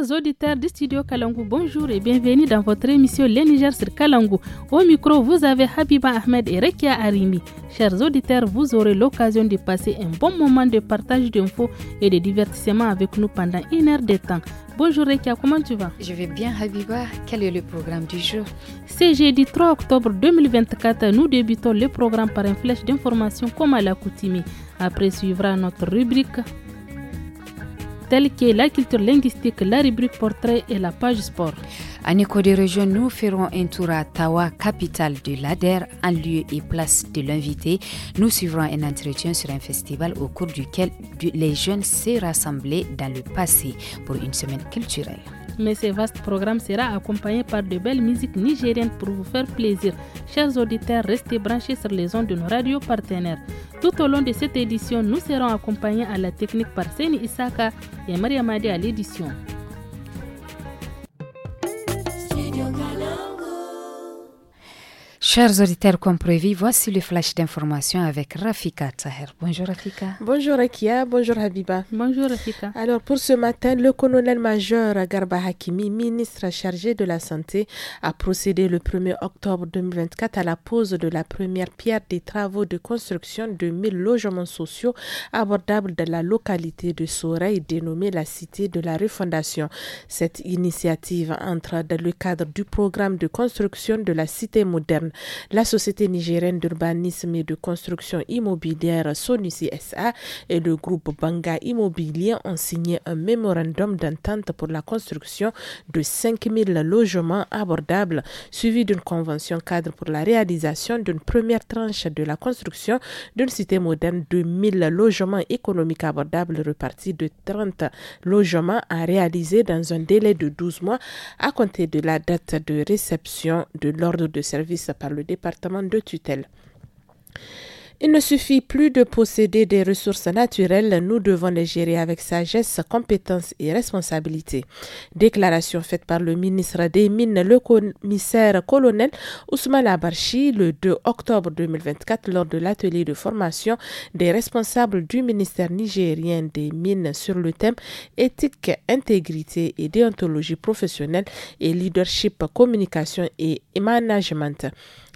chers auditeurs du studio Kalangu, bonjour et bienvenue dans votre émission Les Niger sur Kalangu. Au micro, vous avez Habiba Ahmed et Rekia Arimi. Chers auditeurs, vous aurez l'occasion de passer un bon moment de partage d'infos et de divertissement avec nous pendant une heure de temps. Bonjour Rekia, comment tu vas Je vais bien Habiba. Quel est le programme du jour C'est jeudi 3 octobre 2024. Nous débutons le programme par un flash d'information comme à l'accoutumée. Après suivra notre rubrique telles que la culture linguistique, la rubrique portrait et la page sport. En écho des régions, nous ferons un tour à Tawa, capitale de l'ADER, en lieu et place de l'invité. Nous suivrons un entretien sur un festival au cours duquel les jeunes s'est rassemblés dans le passé pour une semaine culturelle. Mais ce vaste programme sera accompagné par de belles musiques nigériennes pour vous faire plaisir. Chers auditeurs, restez branchés sur les ondes de nos radios partenaires. Tout au long de cette édition, nous serons accompagnés à la technique par Seni Isaka et Madi à l'édition. Chers auditeurs, comme voici le flash d'information avec Rafika Taher. Bonjour Rafika. Bonjour Akia, bonjour Habiba. Bonjour Rafika. Alors pour ce matin, le colonel-major Garba Hakimi, ministre chargé de la Santé, a procédé le 1er octobre 2024 à la pose de la première pierre des travaux de construction de 1000 logements sociaux abordables dans la localité de Soreil, dénommée la Cité de la Refondation. Cette initiative entre dans le cadre du programme de construction de la Cité moderne la société nigérienne d'urbanisme et de construction immobilière Sonusi SA et le groupe Banga Immobilier ont signé un mémorandum d'entente pour la construction de 5000 logements abordables, suivi d'une convention cadre pour la réalisation d'une première tranche de la construction d'une cité moderne de 1000 logements économiques abordables repartis de 30 logements à réaliser dans un délai de 12 mois à compter de la date de réception de l'ordre de service par le département de tutelle. Il ne suffit plus de posséder des ressources naturelles, nous devons les gérer avec sagesse, compétence et responsabilité. Déclaration faite par le ministre des Mines, le commissaire colonel Ousmane Abarchi, le 2 octobre 2024 lors de l'atelier de formation des responsables du ministère nigérien des Mines sur le thème éthique, intégrité et déontologie professionnelle et leadership, communication et management.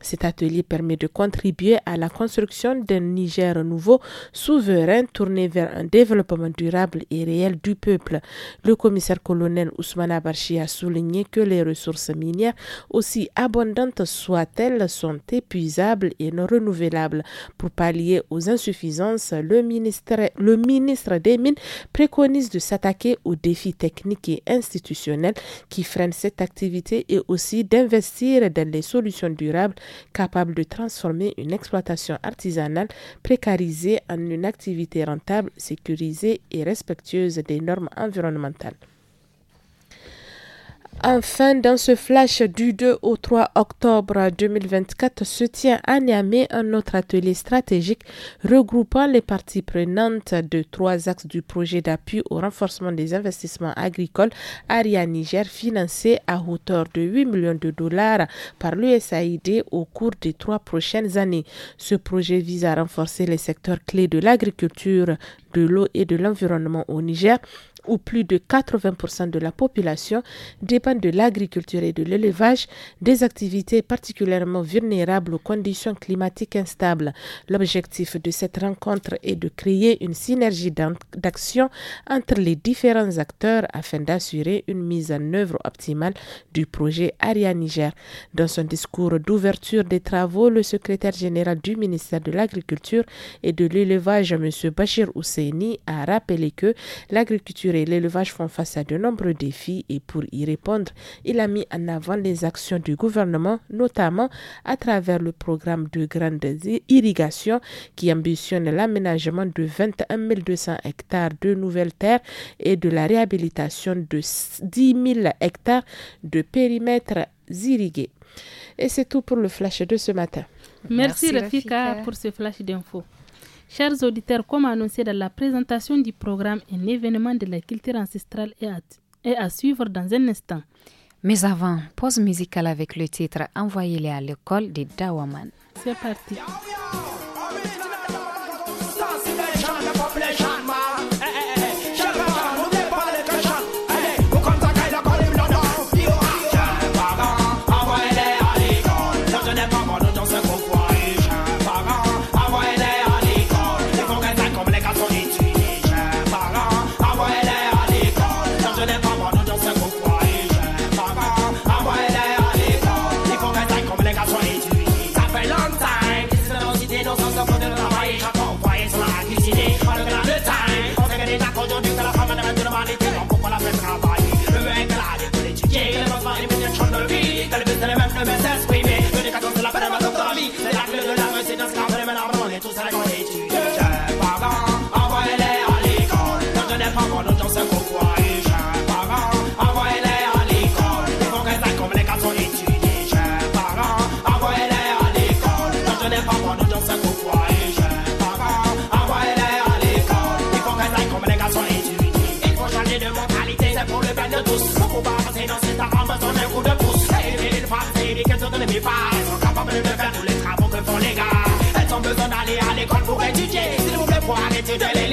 Cet atelier permet de contribuer à la construction d'un Niger nouveau, souverain, tourné vers un développement durable et réel du peuple. Le commissaire colonel Ousmane Abarchi a souligné que les ressources minières, aussi abondantes soient-elles, sont épuisables et non renouvelables. Pour pallier aux insuffisances, le le ministre des Mines préconise de s'attaquer aux défis techniques et institutionnels qui freinent cette activité et aussi d'investir dans les solutions durables capable de transformer une exploitation artisanale précarisée en une activité rentable, sécurisée et respectueuse des normes environnementales. Enfin, dans ce flash du 2 au 3 octobre 2024 se tient à Niamey un autre atelier stratégique regroupant les parties prenantes de trois axes du projet d'appui au renforcement des investissements agricoles Aria Niger financé à hauteur de 8 millions de dollars par l'USAID au cours des trois prochaines années. Ce projet vise à renforcer les secteurs clés de l'agriculture, de l'eau et de l'environnement au Niger où plus de 80% de la population dépend de l'agriculture et de l'élevage, des activités particulièrement vulnérables aux conditions climatiques instables. L'objectif de cette rencontre est de créer une synergie d'action entre les différents acteurs afin d'assurer une mise en œuvre optimale du projet Aria Niger. Dans son discours d'ouverture des travaux, le secrétaire général du ministère de l'Agriculture et de l'Élevage, M. Bachir Ousseini, a rappelé que l'agriculture l'élevage font face à de nombreux défis et pour y répondre, il a mis en avant les actions du gouvernement, notamment à travers le programme de grandes irrigation qui ambitionne l'aménagement de 21 200 hectares de nouvelles terres et de la réhabilitation de 10 000 hectares de périmètres irrigués. Et c'est tout pour le flash de ce matin. Merci, Rafika pour ce flash d'infos. Chers auditeurs, comme annoncé dans la présentation du programme, un événement de la culture ancestrale est à, suivre dans un instant. Mais avant, pause musicale avec le titre Envoyez-les à l'école de Dawaman. C'est parti.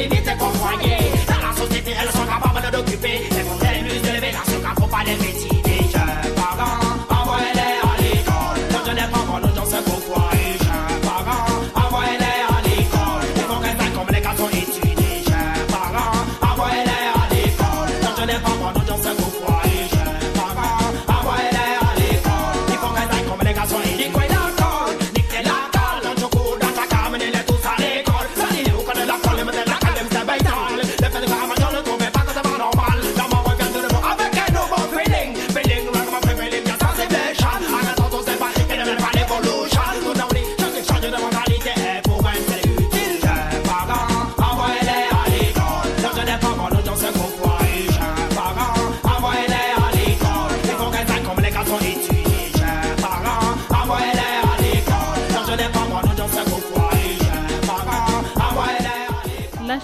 les vite accompagner. Dans la société, elles sont capables d'occuper les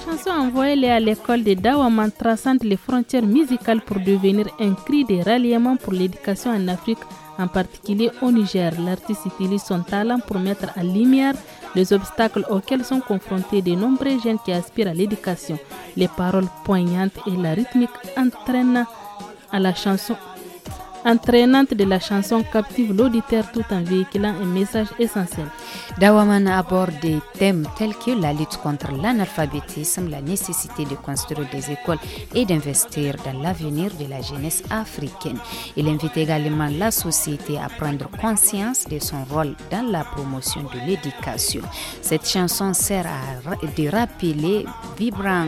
chanson envoyée à l'école de Dawaman traçant les frontières musicales pour devenir un cri de ralliement pour l'éducation en Afrique, en particulier au Niger. L'artiste utilise son talent pour mettre en lumière les obstacles auxquels sont confrontés de nombreux jeunes qui aspirent à l'éducation. Les paroles poignantes et la rythmique entraînent à la chanson entraînante de la chanson captive l'auditeur tout en véhiculant un message essentiel. Dawaman aborde des thèmes tels que la lutte contre l'analphabétisme, la nécessité de construire des écoles et d'investir dans l'avenir de la jeunesse africaine. Il invite également la société à prendre conscience de son rôle dans la promotion de l'éducation. Cette chanson sert à de rappeler vibrant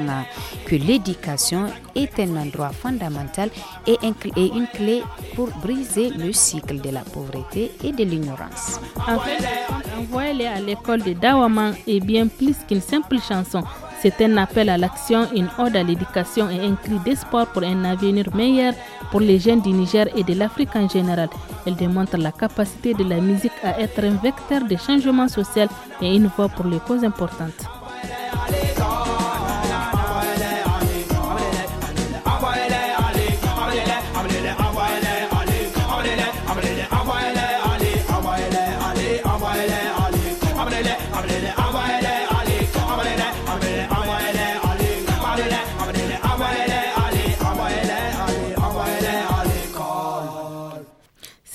que l'éducation est un endroit fondamental et une clé pour briser le cycle de la pauvreté et de l'ignorance. En fait, à l'école de Dawaman est bien plus qu'une simple chanson. C'est un appel à l'action, une ode à l'éducation et un cri d'espoir pour un avenir meilleur pour les jeunes du Niger et de l'Afrique en général. Elle démontre la capacité de la musique à être un vecteur de changement social et une voix pour les causes importantes.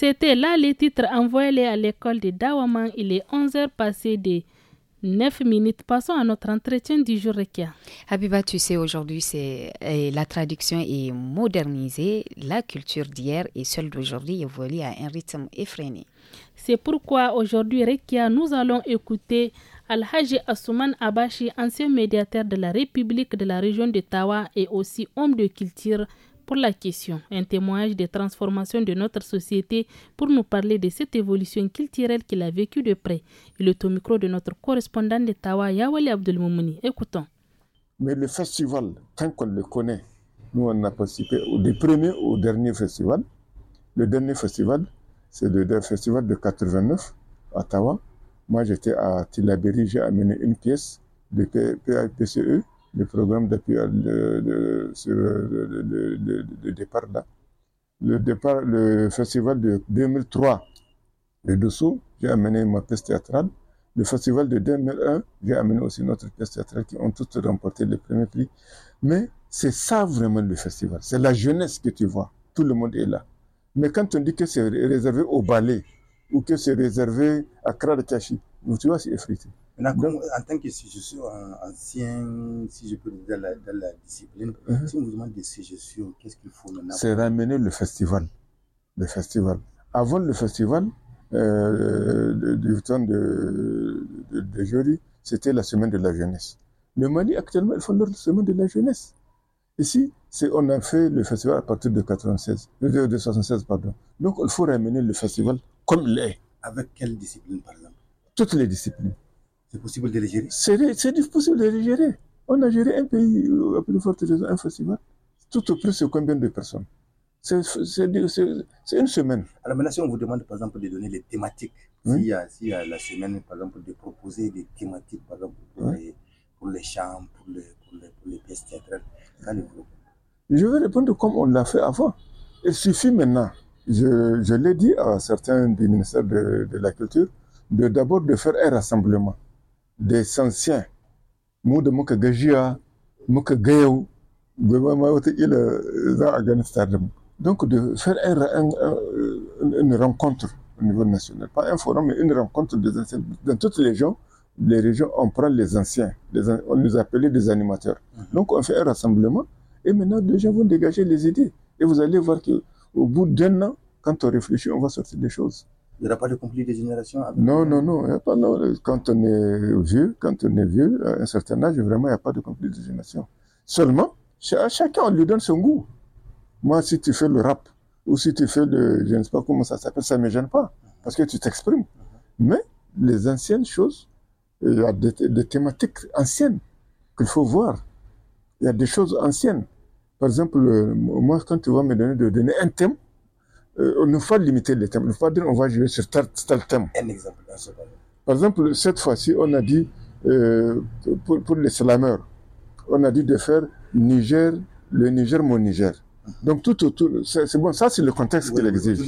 C'était là les titres envoyés à l'école de Dawaman. Il est 11h passé des 9 minutes. Passons à notre entretien du jour, Rekia. Habiba, tu sais, aujourd'hui, c'est eh, la traduction est modernisée. La culture d'hier et celle d'aujourd'hui évolue à un rythme effréné. C'est pourquoi aujourd'hui, Rekia, nous allons écouter Al-Haji Assouman Abashi, ancien médiateur de la République de la région de Tawa et aussi homme de culture pour la question, un témoignage des transformations de notre société pour nous parler de cette évolution culturelle qu'il a vécue de près. Il est au micro de notre correspondant de Tawa, Yawali Abdelmoumouni. Écoutons. Mais le festival, tant qu'on le connaît, nous on a participé au, du premier au dernier festival. Le dernier festival, c'est le, festival de 89, à Tawa. Moi, j'étais à Tilaberi, j'ai amené une pièce de PAPCE le programme d'appui sur euh, le, départ là. Le départ, le festival de 2003 le dessous, j'ai amené ma pièce théâtrale. Le festival de 2001, j'ai amené aussi notre pièce théâtrale qui ont toutes remporté le premier prix. Mais c'est ça vraiment le festival. C'est la jeunesse que tu vois. Tout le monde est là. Mais quand on dit que c'est réservé au ballet ou que c'est réservé à vous tu vois, c'est effrité en tant que si je ancien, si je peux dire, dans la, discipline, mhm. si on vous demande des suggestions, qu'est-ce qu'il faut maintenant C'est ramener le festival. Le festival. Avant le festival, du euh, temps de, de, jury, c'était la semaine de la jeunesse. Le Mali, actuellement, ils font leur semaine de la jeunesse. Ici, on a fait le festival à partir de 96, euh, de pardon. Donc, il faut ramener le festival comme il est. Avec quelle discipline, par exemple Toutes les disciplines c'est possible de les gérer C'est possible de les gérer. On a géré un pays à euh, plus un festival. Tout au plus, c'est combien de personnes C'est une semaine. Alors maintenant, si on vous demande, par exemple, de donner les thématiques, hein? si la semaine, par exemple, de proposer des thématiques, par exemple, pour, hein? les, pour chambres, pour les, pour les, pour les pièces Je vais répondre comme on l'a fait avant. Il suffit maintenant, je, l'ai dit à certains des ministères de, de la Culture, de d'abord de faire un rassemblement des anciens a donc de faire une rencontre au niveau national pas un forum mais une rencontre des anciens dans toutes les régions les régions on prend les anciens on les appelait des animateurs mhm. donc on fait un rassemblement et maintenant les gens vont dégager les idées et vous allez voir qu'au au bout d'un an quand on réfléchit on va sortir des choses il n'y aura pas de conflit des générations euh, Non, non, non, pas, non, Quand on est vieux, quand on est vieux, à un certain âge, vraiment, il n'y a pas de conflit des générations. Seulement, à chacun, on lui donne son goût. Moi, si tu fais le rap, ou si tu fais le, je ne sais pas comment ça s'appelle, ça ne me gêne pas, parce que tu t'exprimes. Mais les anciennes choses, il y a des, thématiques anciennes qu'il faut voir. Il y a des choses anciennes. Par exemple, euh, moi, quand tu vas me donner, de donner un thème, euh, on ne faut pas limiter les thèmes, ne faut pas dire on va jouer sur tel, thème. Un exemple, Par exemple, cette fois-ci, on a dit, euh, pour, les slameurs, on a dit de faire Niger, le Niger, mon Niger. Donc tout autour, c'est bon, ça c'est le contexte qui qu'il exige.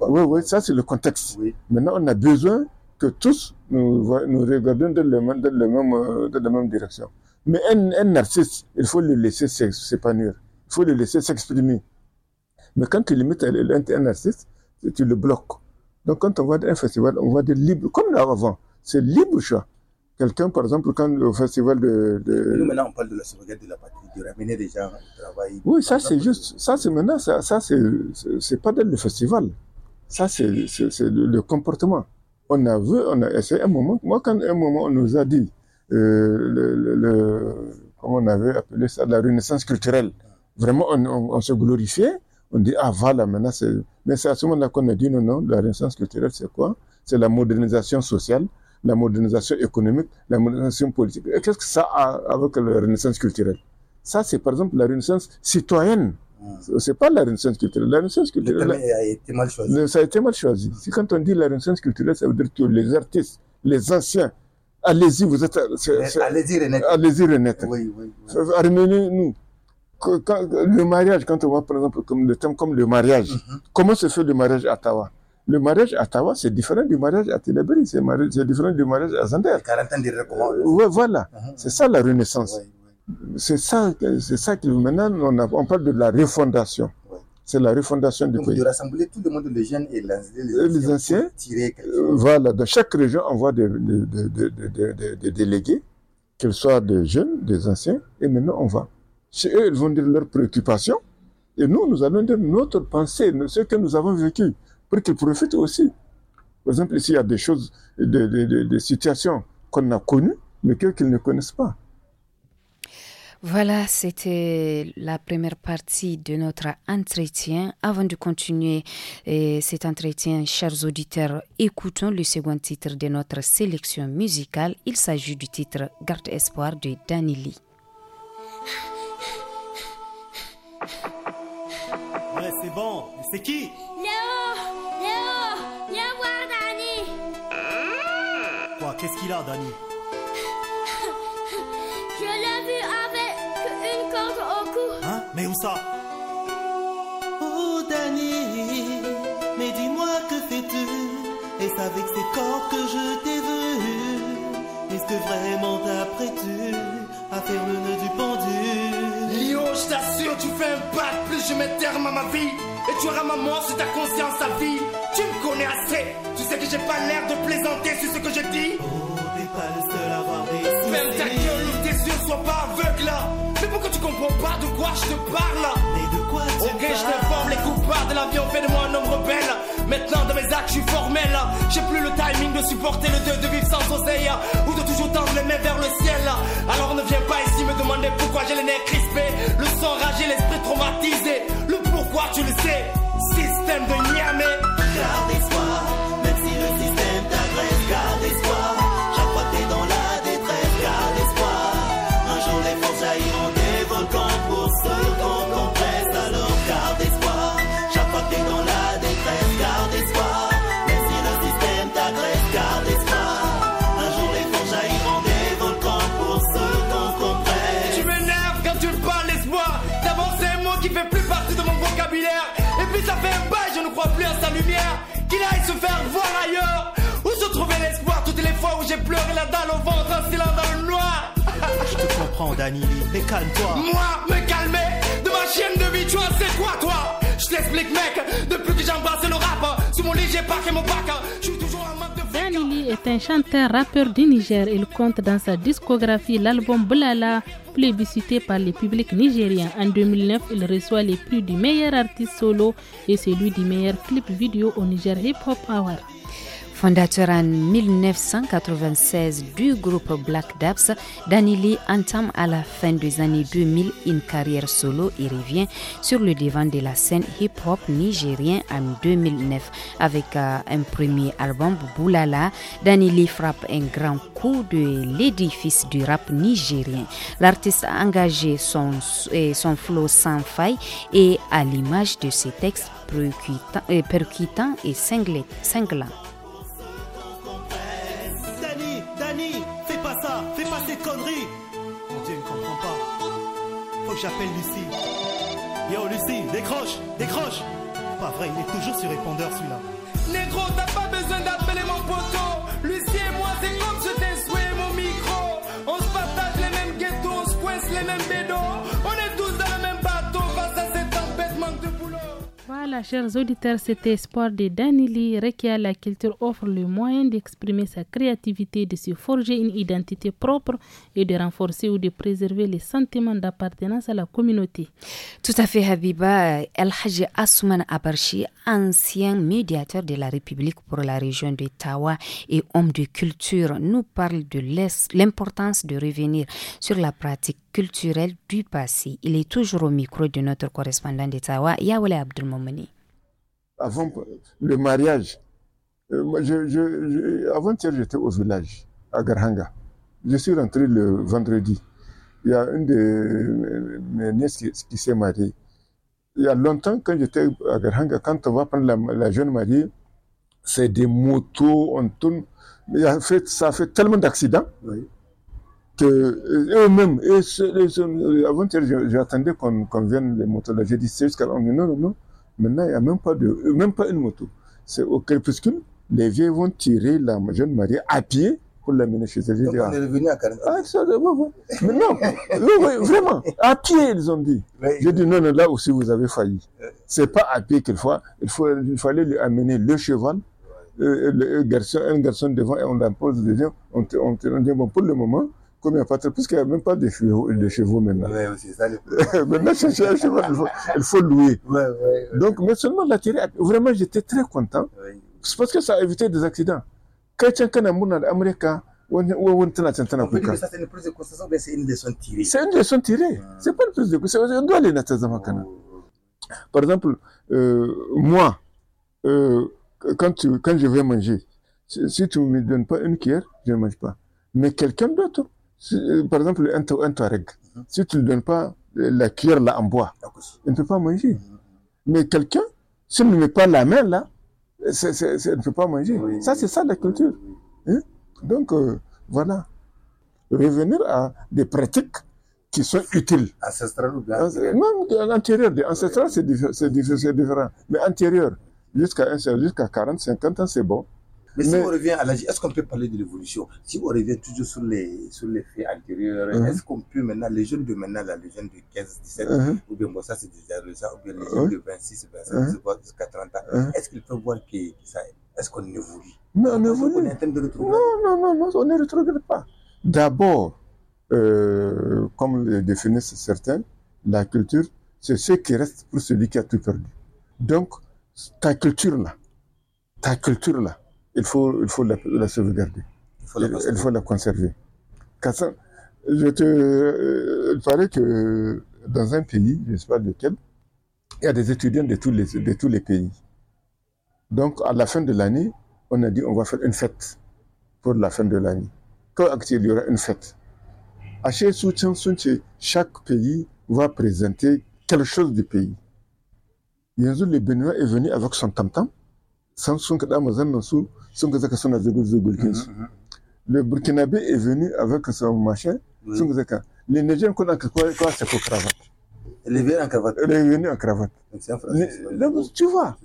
Oui, oui, ça c'est le contexte. Maintenant, on a besoin que tous nous, regardions dans, le la même direction. Mais un, un il faut le laisser s'épanouir, il faut le laisser s'exprimer. Mais quand tu limites un, tu le bloques. Donc quand on voit un festival, on voit des libre, comme là avant, c'est libre choix. Quelqu'un, par exemple, quand le festival de, de... Nous, maintenant, on parle de la sauvegarde de la patrie, de ramener des gens au travail. Oui, ça, c'est juste, ça, c'est maintenant, ça, ça c'est pas le festival. Ça, c'est le, comportement. On a vu, on a essayé un moment. Moi, quand un moment, on nous a dit, euh, le, comment on avait appelé ça, la renaissance culturelle. Vraiment, on, on se glorifiait on dit, ah voilà, maintenant c'est... Mais c'est à ce moment-là qu'on a dit, non, non, la renaissance culturelle, c'est quoi C'est la modernisation sociale, la modernisation économique, la modernisation politique. Et qu'est-ce que ça a avec la renaissance culturelle Ça, c'est par exemple la renaissance citoyenne. Ah. Ce n'est pas la renaissance culturelle. La renaissance culturelle. Le a été mal choisi. Ça a été mal choisi. quand on dit la renaissance culturelle, ça veut dire que les artistes, les anciens, allez-y, vous êtes. Allez-y renaître. Allez-y renaître. Oui, oui. oui. nous le mariage, quand on voit par exemple comme le thème comme le mariage, mhm. comment se fait le mariage à Tawa Le mariage à Tawa, c'est différent du mariage à Tilaberi, c'est différent du mariage à Zander. Euh, voilà, Oui, mhm. voilà. c'est ça la renaissance. C'est ça, c'est ça que maintenant on, on, parle de la refondation. C'est la refondation du pays. De rassembler tout le monde, les jeunes et les, anciens. Euh, euh, voilà, dans chaque région, on voit des délégués, qu'ils soient des jeunes, des anciens, et maintenant on va. C'est eux, ils vont dire leurs préoccupations. Et nous, nous allons dire notre pensée, ce que nous avons vécu, pour qu'ils profitent aussi. Par exemple, s'il y a des choses, des, situations qu'on a connues, mais qu'ils ne connaissent pas. Voilà, c'était la première partie de notre entretien. Avant de continuer euh, cet entretien, chers auditeurs, écoutons le second titre de notre sélection musicale. Il s'agit du titre Garde Espoir de Danili. Ouais, c'est bon. C'est qui Léo Léo Viens voir Danny Quoi Qu'est-ce qu'il a, Danny Je l'ai vu avec une corde au cou. Hein Mais où ça Oh, Danny Mais dis-moi que fais-tu Est-ce avec ces cordes que je t'ai vu Est-ce que vraiment t'apprêtes-tu à faire le nez du bandit. Yo, je t'assure, tu fais un pas plus, je mets terme à ma vie. Et tu auras ma mort sur ta conscience à vie. Tu me connais assez, tu sais que j'ai pas l'air de plaisanter sur ce que je dis. Oh, t'es pas le seul à avoir Même ta gueule tes yeux, sois pas aveugle là. Mais pourquoi tu comprends pas de quoi je te parle Et de quoi tu Ok, je t'informe, les coupards de la vie ont fait de moi un homme rebelle. Maintenant dans mes actes je suis formel J'ai plus le timing de supporter le deuil de vivre sans oseille Ou de toujours tendre les mains vers le ciel Alors ne viens pas ici me demander pourquoi j'ai les nez crispés Le sang ragé, l'esprit traumatisé Le pourquoi tu le sais Système de Niamey moi dans le au ventre, un dans noir. Je te comprends, Danili, mais calme-toi. Moi, me calmer de ma chienne de vie, tu c'est quoi, toi Je t'explique, mec, depuis que j'embrasse le rap, sous mon léger pack et mon bac, je suis toujours en manque de. Danili est un chanteur-rappeur du Niger. Il compte dans sa discographie l'album Blala plébiscité par le public nigérien. En 2009, il reçoit les prix du meilleur artiste solo et celui du meilleur clip vidéo au Niger Hip Hop Hour Fondateur en 1996 du groupe Black Daps, Danili entame à la fin des années 2000 une carrière solo et revient sur le devant de la scène hip-hop nigérien en 2009 avec euh, un premier album Boulala. Danili frappe un grand coup de l'édifice du rap nigérien. L'artiste a engagé son, son flow sans faille et à l'image de ses textes euh, percutants et cinglants. j'appelle Lucie. Yo Lucie, décroche, décroche. Pas vrai, il est toujours sur répondeur celui-là. Les t'as Voilà, chers auditeurs, cet Espoir de Danili Rekia. La culture offre le moyen d'exprimer sa créativité, de se forger une identité propre et de renforcer ou de préserver les sentiments d'appartenance à la communauté. Tout à fait, Habiba. El Haji Asuman Abarchi, ancien médiateur de la République pour la région de Tawa et homme de culture, nous parle de l'importance de revenir sur la pratique culturel du passé. Il est toujours au micro de notre correspondant d'Etawa, Yawale Abdelmoumeni. Avant le mariage, euh, avant-hier, j'étais au village, à Garhanga. Je suis rentré le vendredi. Il y a une de mes nièces qui, s'est mariée. Il y a longtemps, quand j'étais à Garhanga, quand on va prendre la, jeune mariée, c'est des motos, on tourne. Mais en fait, ça fait tellement d'accidents. Oui. Euh, euh, eux-mêmes, eux, mêmes euh, avant hier j'attendais qu'on qu vienne les motos J'ai dit, c'est jusqu'à Non, non, non. Maintenant, il n'y a même pas, de, même pas une moto. C'est au crépuscule, les vieux vont tirer la jeune mariée à pied pour l'amener chez elle. Donc, dit, on est revenu à Carnaval. Ah, ça, moi oui. Mais non, vraiment, à pied, ils ont dit. J'ai dit, non, non, là aussi, vous avez failli. C'est pas à pied qu'il faut, il, faut, il fallait lui amener le cheval, le, garçon, un garçon devant, et on l'impose devant. On, on, on dit, bon, pour le moment, Combien parce qu'il n'y a même pas de chevaux, de maintenant. Oui, c'est ça. Les... maintenant, chercher un cheval, il faut, louer. Oui, oui. Donc, mais seulement la tirer. vraiment, j'étais très content. C'est parce que ça a évité des accidents. Quand tu as un ça. c'est une prise de conscience, mais c'est une leçon tirée. C'est une leçon tirée. Ah. C'est pas une prise de conscience. On doit aller dans oh. Par exemple, euh, moi, euh, quand, tu, quand je vais manger, si, si tu ne me donnes pas une cuillère, je ne mange pas. Mais quelqu'un d'autre euh, par exemple, un, un Touareg, mhm. si tu ne lui donnes pas euh, la cuillère là en bois, il ne peut pas manger. Mhm. Mais quelqu'un, s'il ne met pas la main là, il ne peut pas manger. ça, c'est ça la culture. Hein. Donc, euh, voilà. Revenir à des pratiques qui sont utiles. Ancestrales ou bien Même l'antérieur, Ancestrales, c'est différent, Mais antérieur, jusqu'à 40, 50 ans, c'est bon. Mais, si on revient à l'âge, est-ce qu'on peut parler de l'évolution Si on revient toujours sur les, sur les faits antérieurs, mhm. est-ce qu'on peut maintenant, les jeunes de maintenant, les jeunes de 15, 17, mhm. ou bien bon, ça c'est des ça, ou bien les jeunes de 26, 27, mhm. jusqu'à 30 ans, est-ce qu'ils peuvent voir que ça, est-ce qu'on évolue Non, on évolue. On est en train de retrouver. Non, non, non, on ne retrouvera pas. D'abord, euh, comme le définissent certains, la culture, c'est ce qui reste pour celui qui a tout perdu. Donc, ta culture là, ta culture là, il faut, il faut la, sauvegarder. Il faut la, conserver. je te, euh, il paraît que dans un pays, je ne sais pas lequel, il y a des étudiants de tous les, de tous les pays. Donc, à la fin de l'année, on a dit on va faire une fête pour la fin de l'année. Quand il y aura une fête. À chaque soutien, chaque pays va présenter quelque chose du pays. sûr, le Benoît est venu avec son tam-tam. Samsung Sonkozaka son Burkina. Mm-hmm, mm-hmm. Le Burkinabé est venu avec son machin. Oui. Les Nigériens qu'on a quoi, quoi c'est cravate. Elle est venue en cravate. Elle est venue en cravate. tu vois.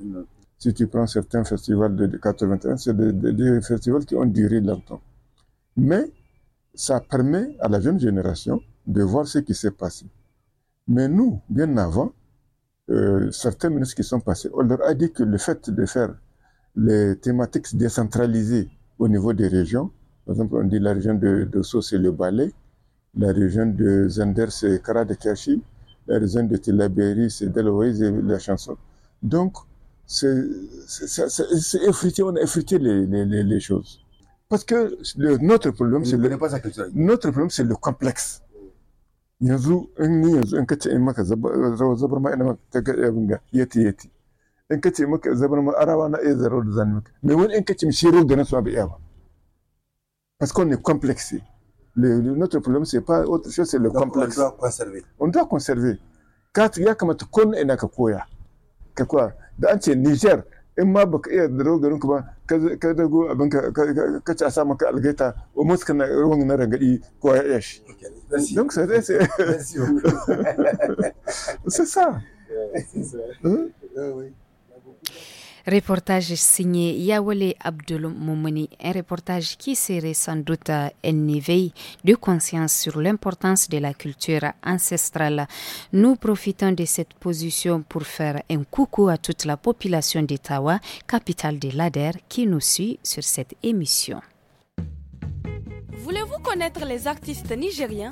Si tu prends certains festivals de 81, c'est des, des, des festivals qui ont duré longtemps. Mais ça permet à la jeune génération de voir ce qui s'est passé. Mais nous, bien avant, euh, certains ministres qui sont passés, on leur a dit que le fait de faire les thématiques décentralisées au niveau des régions. Par exemple, on dit la région de, de c'est le ballet, la région de Zender, c'est Kara la région de Tilaberi, c'est Delaware, et la chanson. Donc, on a effrité les, choses. Parce que notre problème, c'est le, complexe. in ka ce maka zabar arawa na iya zarar da zan maka mai wani in ka ce shi da nasu ba iya ba parce qu'on est le, notre problème c'est pas autre chose c'est le complexe on doit conserver on doit conserver ka ya kamata ko ina ka koya ka koya da an ce Niger in ma baka iya da garin ku ba ka dago abin ka ka ci a sa maka algaita o muska na ruwan na rangadi ko ya iya shi donc sai sai sai sai sai Reportage signé Yawale Abdul un reportage qui serait sans doute un éveil de conscience sur l'importance de la culture ancestrale. Nous profitons de cette position pour faire un coucou à toute la population d'Etawa, capitale de l'ADER, qui nous suit sur cette émission. Voulez-vous connaître les artistes nigériens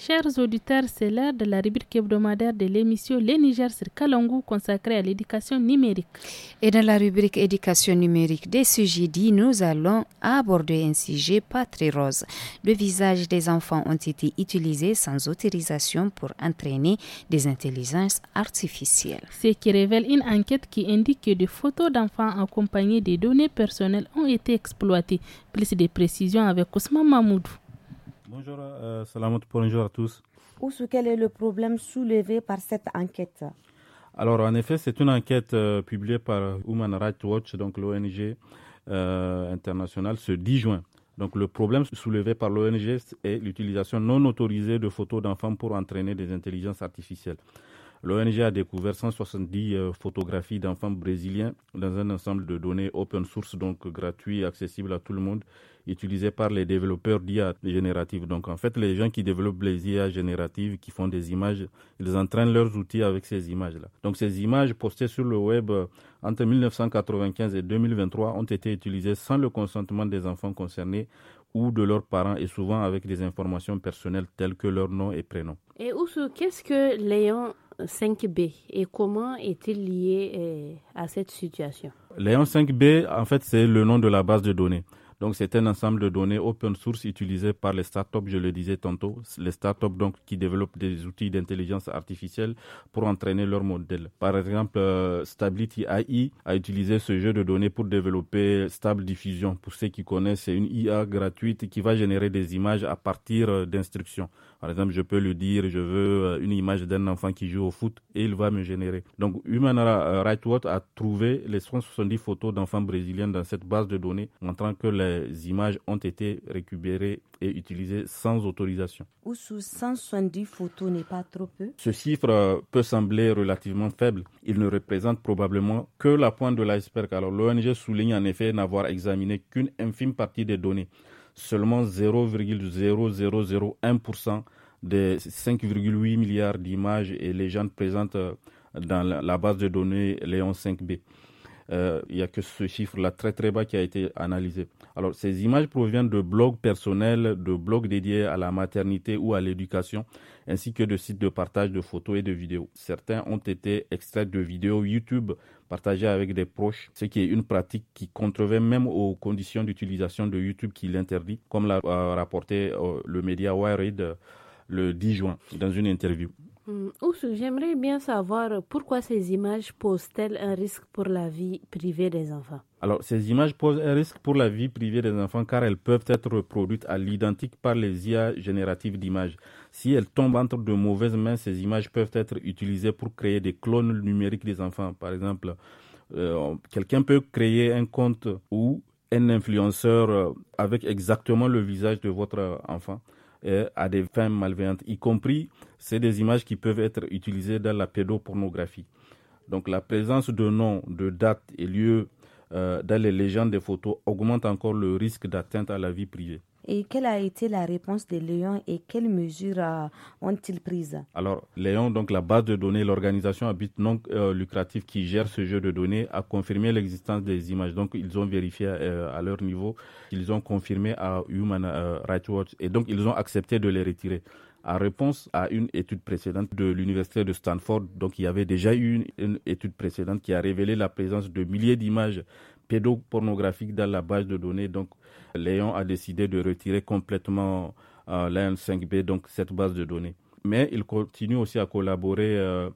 Chers auditeurs, c'est l'heure de la rubrique hebdomadaire de l'émission Les Niger sur Kalangu consacrée à l'éducation numérique. Et dans la rubrique éducation numérique des sujets dits, nous allons aborder un sujet pas très rose. Le visage des enfants ont été utilisés sans autorisation pour entraîner des intelligences artificielles. Ce qui révèle une enquête qui indique que des photos d'enfants accompagnées des données personnelles ont été exploitées. Plus de précisions avec Ousmane Mamoudou. Bonjour, euh, bonjour à tous. Où quel est le problème soulevé par cette enquête Alors, en effet, c'est une enquête euh, publiée par Human Rights Watch, donc l'ONG euh, internationale, ce 10 juin. Donc, le problème soulevé par l'ONG est l'utilisation non autorisée de photos d'enfants pour entraîner des intelligences artificielles. L'ONG a découvert 170 euh, photographies d'enfants brésiliens dans un ensemble de données open source, donc gratuit, accessible à tout le monde, utilisées par les développeurs d'IA générative. Donc en fait, les gens qui développent les IA génératives, qui font des images, ils entraînent leurs outils avec ces images-là. Donc ces images postées sur le web euh, entre 1995 et 2023 ont été utilisées sans le consentement des enfants concernés ou de leurs parents et souvent avec des informations personnelles telles que leur nom et prénom. Et qu'est-ce que Léon 5B et comment est-il lié euh, à cette situation Léon 5B, en fait, c'est le nom de la base de données. Donc, c'est un ensemble de données open source utilisées par les startups, je le disais tantôt, les startups donc qui développent des outils d'intelligence artificielle pour entraîner leur modèle. Par exemple, euh, Stability AI a utilisé ce jeu de données pour développer Stable Diffusion. Pour ceux qui connaissent, c'est une IA gratuite qui va générer des images à partir euh, d'instructions. Par exemple, je peux lui dire, je veux euh, une image d'un enfant qui joue au foot et il va me générer. Donc, Human euh, Rights Watch a trouvé les 170 photos d'enfants brésiliens dans cette base de données, montrant que les images ont été récupérées et utilisées sans autorisation. Ou sous 170 photos n'est pas trop peu Ce chiffre euh, peut sembler relativement faible. Il ne représente probablement que la pointe de l'iceberg. Alors, l'ONG souligne en effet n'avoir examiné qu'une infime partie des données seulement 0,0001% des 5,8 milliards d'images et légendes présentes euh, dans la base de données Léon 5B. Euh, il n'y a que ce chiffre-là très très bas qui a été analysé. Alors ces images proviennent de blogs personnels, de blogs dédiés à la maternité ou à l'éducation ainsi que de sites de partage de photos et de vidéos. Certains ont été extraits de vidéos YouTube partagées avec des proches, ce qui est une pratique qui contrevient même aux conditions d'utilisation de YouTube qui l'interdit, comme l'a euh, rapporté euh, le média Wired euh, le 10 juin dans une interview. Hmm, j'aimerais bien savoir pourquoi ces images posent-elles un risque pour la vie privée des enfants Alors, ces images posent un risque pour la vie privée des enfants car elles peuvent être reproduites à l'identique par les IA génératives d'images. Si elles tombent entre de mauvaises mains, ces images peuvent être utilisées pour créer des clones numériques des enfants. Par exemple, euh, quelqu'un peut créer un compte ou un influenceur euh, avec exactement le visage de votre enfant euh, à des fins malveillantes, y compris c'est des images qui peuvent être utilisées dans la pédopornographie. Donc la présence de noms, de dates et lieux euh, dans les légendes des photos augmente encore le risque d'atteinte à la vie privée. Et quelle a été la réponse des Léons et quelles mesures euh, ont-ils prises Alors, Léon, donc la base de données, l'organisation à but non euh, lucratif qui gère ce jeu de données, a confirmé l'existence des images. Donc, ils ont vérifié euh, à leur niveau, ils ont confirmé à Human Rights Watch et donc ils ont accepté de les retirer en réponse à une étude précédente de l'université de Stanford. Donc il y avait déjà eu une, étude précédente qui a révélé la présence de milliers d'images pédopornographique dans la base de données. Donc, Léon a décidé de retirer complètement euh, 5 b donc cette base de données. Mais il continue aussi à collaborer euh,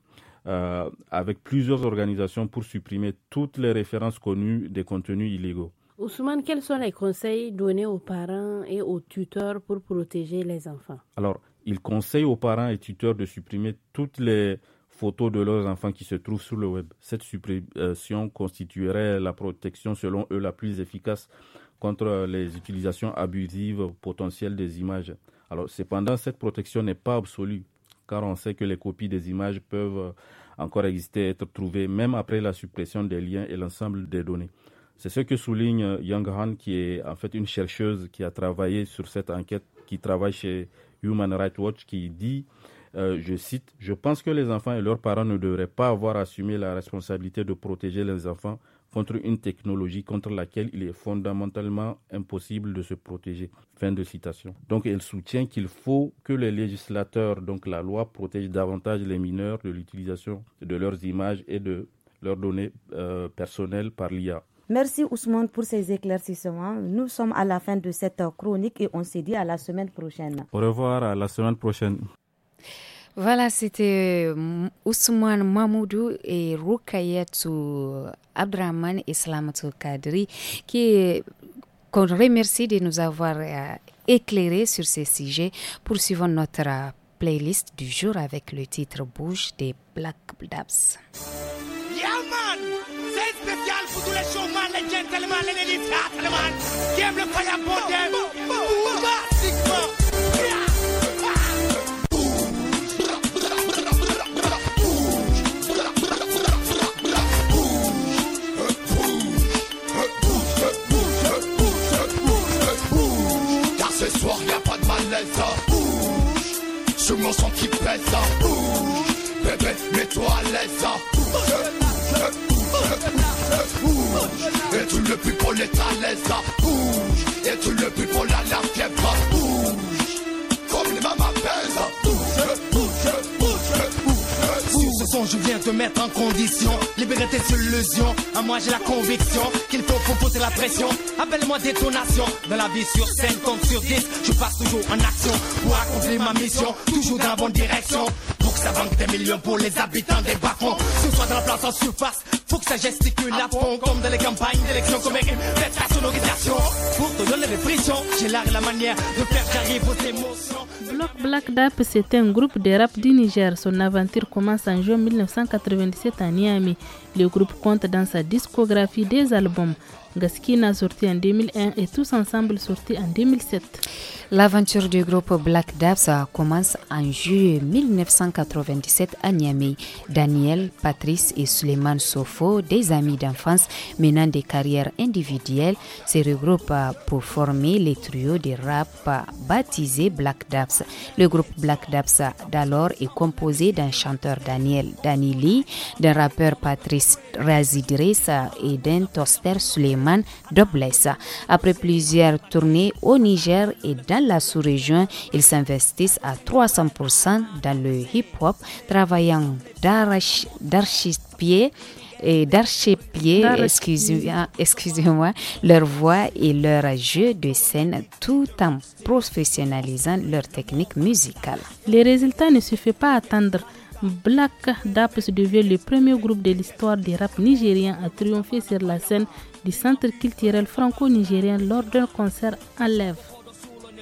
euh, avec plusieurs organisations pour supprimer toutes les références connues des contenus illégaux. Ousmane, quels sont les conseils donnés aux parents et aux tuteurs pour protéger les enfants Alors, il conseille aux parents et tuteurs de supprimer toutes les photos de leurs enfants qui se trouvent sur le web. Cette suppression constituerait la protection selon eux la plus efficace contre les utilisations abusives potentielles des images. Alors cependant, cette protection n'est pas absolue car on sait que les copies des images peuvent encore exister, être trouvées même après la suppression des liens et l'ensemble des données. C'est ce que souligne Young Han, qui est en fait une chercheuse qui a travaillé sur cette enquête, qui travaille chez Human Rights Watch, qui dit euh, je cite, Je pense que les enfants et leurs parents ne devraient pas avoir assumé la responsabilité de protéger les enfants contre une technologie contre laquelle il est fondamentalement impossible de se protéger. Fin de citation. Donc elle soutient qu'il faut que les législateurs, donc la loi, protègent davantage les mineurs de l'utilisation de leurs images et de leurs données euh, personnelles par l'IA. Merci Ousmane pour ces éclaircissements. Nous sommes à la fin de cette chronique et on se dit à la semaine prochaine. Au revoir, à la semaine prochaine. Voilà, c'était Ousmane Mamoudou et Rukayetou Abdraman Islamatou Kadri qui qu'on remercie de nous avoir éclairé sur ces sujets. Poursuivons notre playlist du jour avec le titre Bouge des Black Dabs. Yaman, C'est spécial pour tous les chômeurs, les gentlemen, les élites, les gentlemen, qui aiment le paillabondem. pèse, bouge. Sous mon sang qui pèse, bouge. Bébé, mets-toi à l'aise, bouge. bouge. Et tout le plus pour l'état à l'aise, bouge. Et tout le plus pour la largue, je viens te mettre en condition. Libérer tes illusions. À moi, j'ai la conviction qu'il faut composer la pression. Appelle-moi détonation. Dans la vie sur scène, sur 10, je passe toujours en action. Pour accomplir ma mission, toujours dans la bonne direction. Faut que ça manque des millions pour les habitants des bas-fonds. Ce soit dans la place en surface, faut que ça gesticule à fond. Comme dans les campagnes d'élection communes, faites la sonorisation. Pour te donner les j'ai l'art et la manière de faire aux émotions. Block Black Dap, c'était un groupe de rap du Niger. Son aventure commence en juin 1997 à Niamey. Le groupe compte dans sa discographie des albums. Gaskina sorti en 2001 et Tous Ensemble sorti en 2007. L'aventure du groupe Black Dabs commence en juillet 1997 à Niamey. Daniel, Patrice et Suleiman Sofo, des amis d'enfance menant des carrières individuelles, se regroupent pour former les trio de rap baptisé Black Daps. Le groupe Black Daps d'alors est composé d'un chanteur Daniel Danili, d'un rappeur Patrice Razidres et d'un toaster Suleiman Doblesa. Après plusieurs tournées au Niger et dans la sous-région, ils s'investissent à 300% dans le hip-hop, travaillant d'archipier pied et pied, excusez-moi, leur voix et leur jeu de scène tout en professionnalisant leur technique musicale. Les résultats ne se font pas attendre. Black se devient le premier groupe de l'histoire du rap nigérien à triompher sur la scène du Centre culturel franco-nigérien lors d'un concert en l'Ève.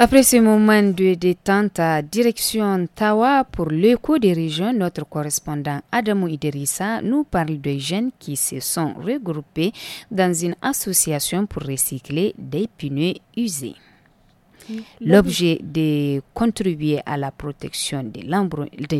Après ce moment de détente à direction Tawa pour l'écho des régions, notre correspondant Adamu Iderissa nous parle de jeunes qui se sont regroupés dans une association pour recycler des pneus usés. L'objet de contribuer à la protection de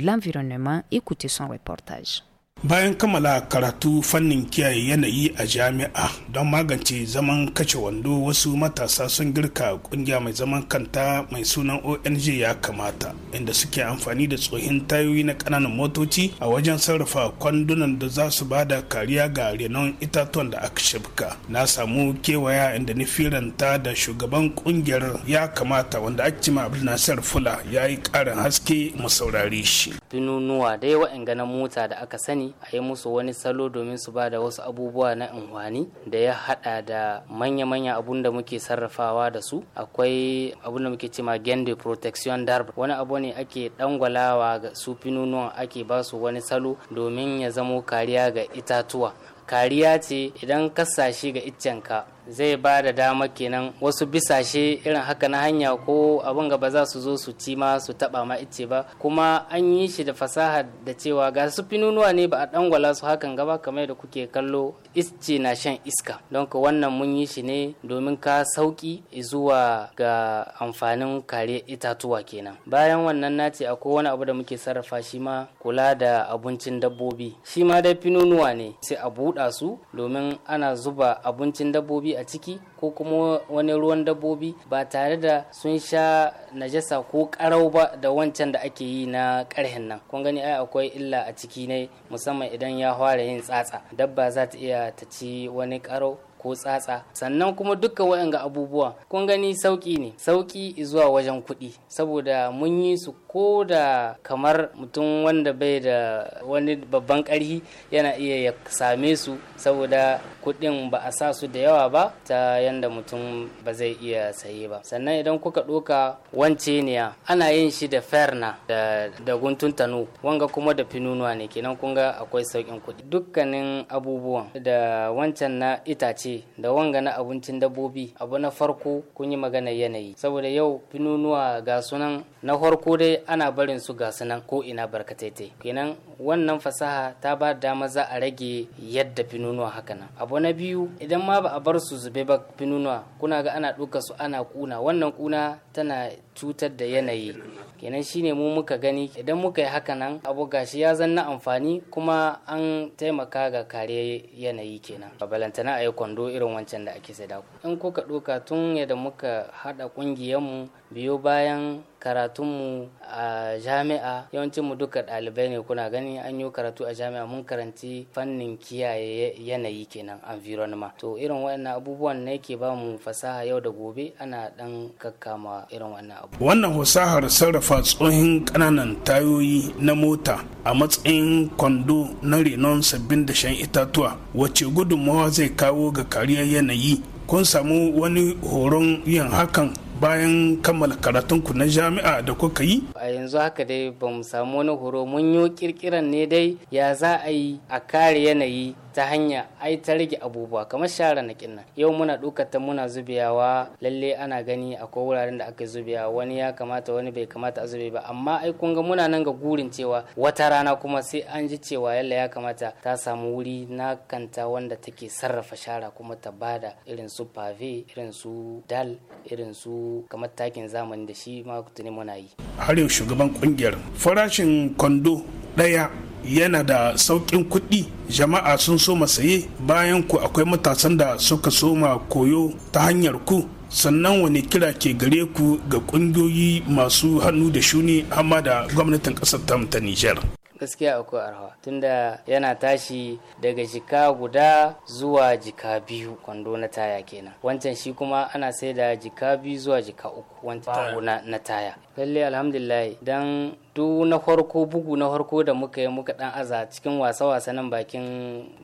l'environnement, écoutez son reportage. bayan kammala karatu fannin kiyaye yanayi a jami'a don magance zaman kace wando wasu matasa sun girka kungiya mai zaman kanta mai sunan ong ya kamata inda suke amfani da tsohin tayoyi na kananan motoci a wajen sarrafa kwandunan da za su bada kariya ga renon itatuwan da aka shafka na samu kewaya inda ni firanta da shugaban kungiyar ya kamata wanda ake ma abdul nasir fula ya yi karin haske mu saurare shi tununuwa dai wa'in ganin mota da aka sani a yi musu wani salo domin su ba da wasu abubuwa na inwani da ya hada da manya-manya abun da muke sarrafawa da su akwai abun da muke cema gende protection darb wani abu ne ake dangwalawa ga su finunuwa ake ba su wani salo domin ya zamo kariya ga itatuwa kariya ce idan kasashe ga iccen ka. zai ba da dama kenan wasu bisashe irin haka na hanya ko abin ba za su zo su ci ma su taba ma ice ba kuma an yi shi da fasaha da cewa ga su finunuwa ne ba a dangwala su hakan gaba kamar da kuke kallo isce na shan iska don ka wannan mun yi shi ne domin ka sauki zuwa ga amfanin kare itatuwa kenan bayan wannan nace akwai wani abu da muke sarrafa shi ma kula da abincin dabbobi shi ma dai finunuwa ne sai a buɗa su domin ana zuba abincin dabbobi a ciki ko kuma wani ruwan dabbobi ba tare da sun sha najasa ko karau ba da wancan da ake yi na karhin nan kun gani ai akwai illa a ciki ne musamman idan ya fara yin tsatsa dabba za ta iya ta ci wani karau ko tsatsa sannan kuma dukkan waɗanga abubuwa kun gani sauki ne sauƙi zuwa wajen kuɗi saboda mun yi su ko da kamar mutum wanda bai da wani babban ƙarfi yana iya ya same su saboda kuɗin ba a sa su da yawa ba ta yanda mutum ba zai iya saye ba sannan idan kuka ɗoka wance ne ana yin shi da ferna da, da guntun tano wanga kuma da finunuwa ne kenan kunga akwai sauƙin kuɗi dukkanin abubuwan da wancan na itace ce da wanga na abincin dabbobi abu na farko kun yi magana yanayi saboda yau finunuwa ga sunan na farko dai ana barin su ga sunan ko ina barkataite kenan wannan fasaha ta ba dama za a rage yadda finunuwa haka nan abu na biyu idan ma ba a bar su zube ba finunuwa kuna ga ana ɗuka su ana kuna wannan kuna tana cutar da yanayi kenan shine mu muka gani idan muka yi haka nan abu gashi ya zanna amfani kuma an taimaka ga kare yanayi kenan balantana a yi kwando irin wancan da ake saida in kuka ɗoka tun yadda muka haɗa ƙungiyarmu biyo bayan karatunmu a jami'a yawancin mu duka ɗalibai ne kuna gani an yi karatu a jami'a mun karanci fannin kiyaye yanayi kenan environment to irin wannan abubuwan ne ke ba mu fasaha yau da gobe ana dan kakkama irin wannan abu wannan fasahar sarrafa tsohin ƙananan tayoyi na mota a matsayin kwando na renon sabbin da shan itatuwa wacce gudunmawa zai kawo ga kariyar yanayi kun samu wani horon yin hakan bayan kammala karatunku na jami'a da kuka yi? A yanzu haka dai ba mu samu wani horo mun yi kirkiran ne dai ya za a yi a kare yanayi ta hanya ai ta rage abubuwa kamar share na nan yau muna dukata muna zubiyawa lalle ana gani akwai wuraren da aka zubiya wani ya kamata wani bai kamata a zube ba amma ai kun ga muna nan ga gurin cewa wata rana kuma sai an ji cewa yalla ya kamata ta samu wuri na kanta wanda take sarrafa shara kuma ta bada irin su pave irin su dal irin su kamar takin zamani da shi ma tuni muna yi har yau shugaban kungiyar farashin kwando ɗaya yana da sauƙin kuɗi jama'a sun soma saye bayan ku akwai matasan da suka soma koyo ta hanyar ku sannan wani kira ke gare ku ga ƙungiyoyi masu hannu da shuni amma da gwamnatin ƙasar ta Nijar. gaskiya akwai arha tunda yana tashi daga jika guda zuwa jika biyu kwando na taya kenan wancan shi kuma ana sai da jika biyu zuwa jika uku wani tango na na taya lalle alhamdulillah dan du na farko bugu na farko da muka yi muka dan aza cikin wasa-wasa nan bakin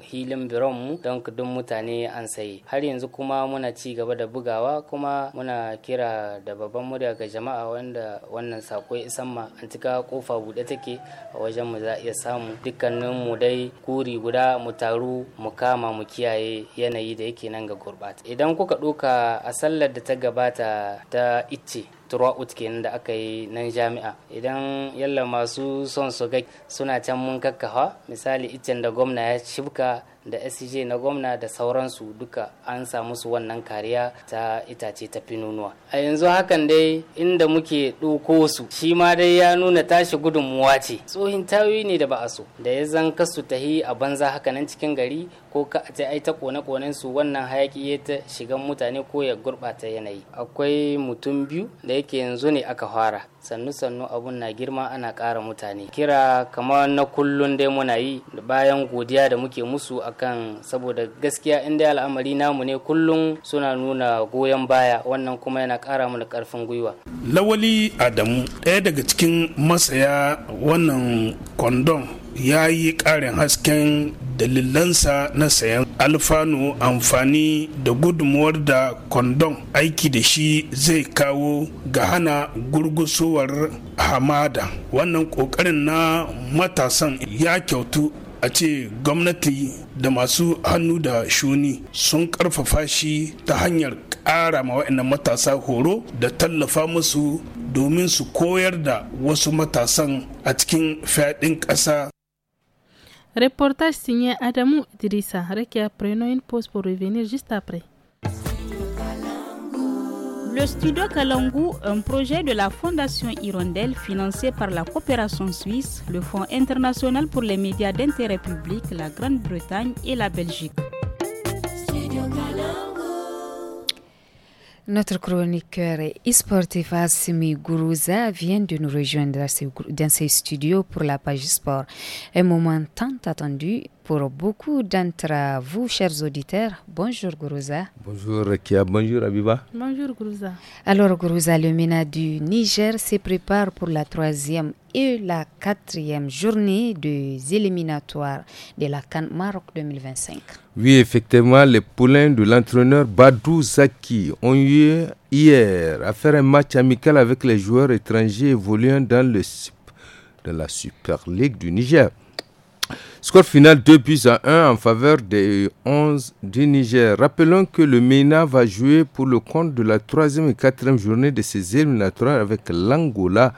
hilin biron mu don duk mutane an sayi har yanzu kuma muna ci gaba da bugawa kuma muna kira da babban murya ga jama'a wanda wannan sako isan ma an cika kofa buɗe take a wajen mu za iya samu dukkanin mu dai kuri guda mu taru mu kama mu kiyaye yanayi da yake nan ga gurbata idan kuka ɗoka a sallar da ta gabata ta ce turwa'ut kenan da aka yi nan jami'a idan yalla masu son su ga suna can mun kakkafa misali iccen da gwamna ya shibka da scj na gwamna da sauransu duka an samu su wannan kariya ta itace ta nunuwa. a yanzu hakan dai inda muke ɗauko su shi ma dai ya nuna tashi gudunmuwa ce tsohin tayoyi ne da ba a so da ya zan kasu tahi a banza haka nan cikin gari ko ka ta ai ta kone-konen su wannan hayaki ya ta shigan mutane ko ya gurɓata yanayi akwai mutum biyu da yake yanzu ne aka fara sannu-sannu abun na girma ana ƙara mutane kira kamar na kullun dai muna yi bayan godiya da muke musu akan saboda gaskiya inda al'amari namu ne kullun suna nuna goyon baya wannan kuma yana ƙara mana ƙarfin gwiwa lawali adamu ɗaya daga cikin masaya wannan kwandon ya yi ƙarin hasken dalilansa na sayan alfanu amfani da gudunmuwar da kwandon aiki da shi zai kawo ga hana gurgusowar hamada wannan ƙoƙarin na matasan ya kyautu a ce gwamnati da masu hannu da shuni sun karfafa shi ta hanyar ƙara ma matasa horo da tallafa musu domin su koyar da wasu matasan a cikin fyaɗin ƙasa Reportage signé Adamou Idrissa. Rekia, prenons une pause pour revenir juste après. Le studio Kalangu, un projet de la Fondation Hirondelle financé par la coopération suisse, le Fonds international pour les médias d'intérêt public, la Grande-Bretagne et la Belgique. Notre chroniqueur e sportif Asimi Gourouza vient de nous rejoindre dans ses studios pour la page sport. Un moment tant attendu pour beaucoup d'entre vous, chers auditeurs. Bonjour Gourouza. Bonjour Kia, bonjour Abiba. Bonjour Gourouza. Alors Gourouza, le du Niger se prépare pour la troisième et la quatrième journée des éliminatoires de la Cannes Maroc 2025. Oui, effectivement, les poulains de l'entraîneur Badou Zaki ont eu hier à faire un match amical avec les joueurs étrangers évoluant dans, le, dans la Super League du Niger. Score final 2 buts à 1 en faveur des 11 du Niger. Rappelons que le MENA va jouer pour le compte de la troisième et quatrième journée de ses éliminatoires avec l'Angola,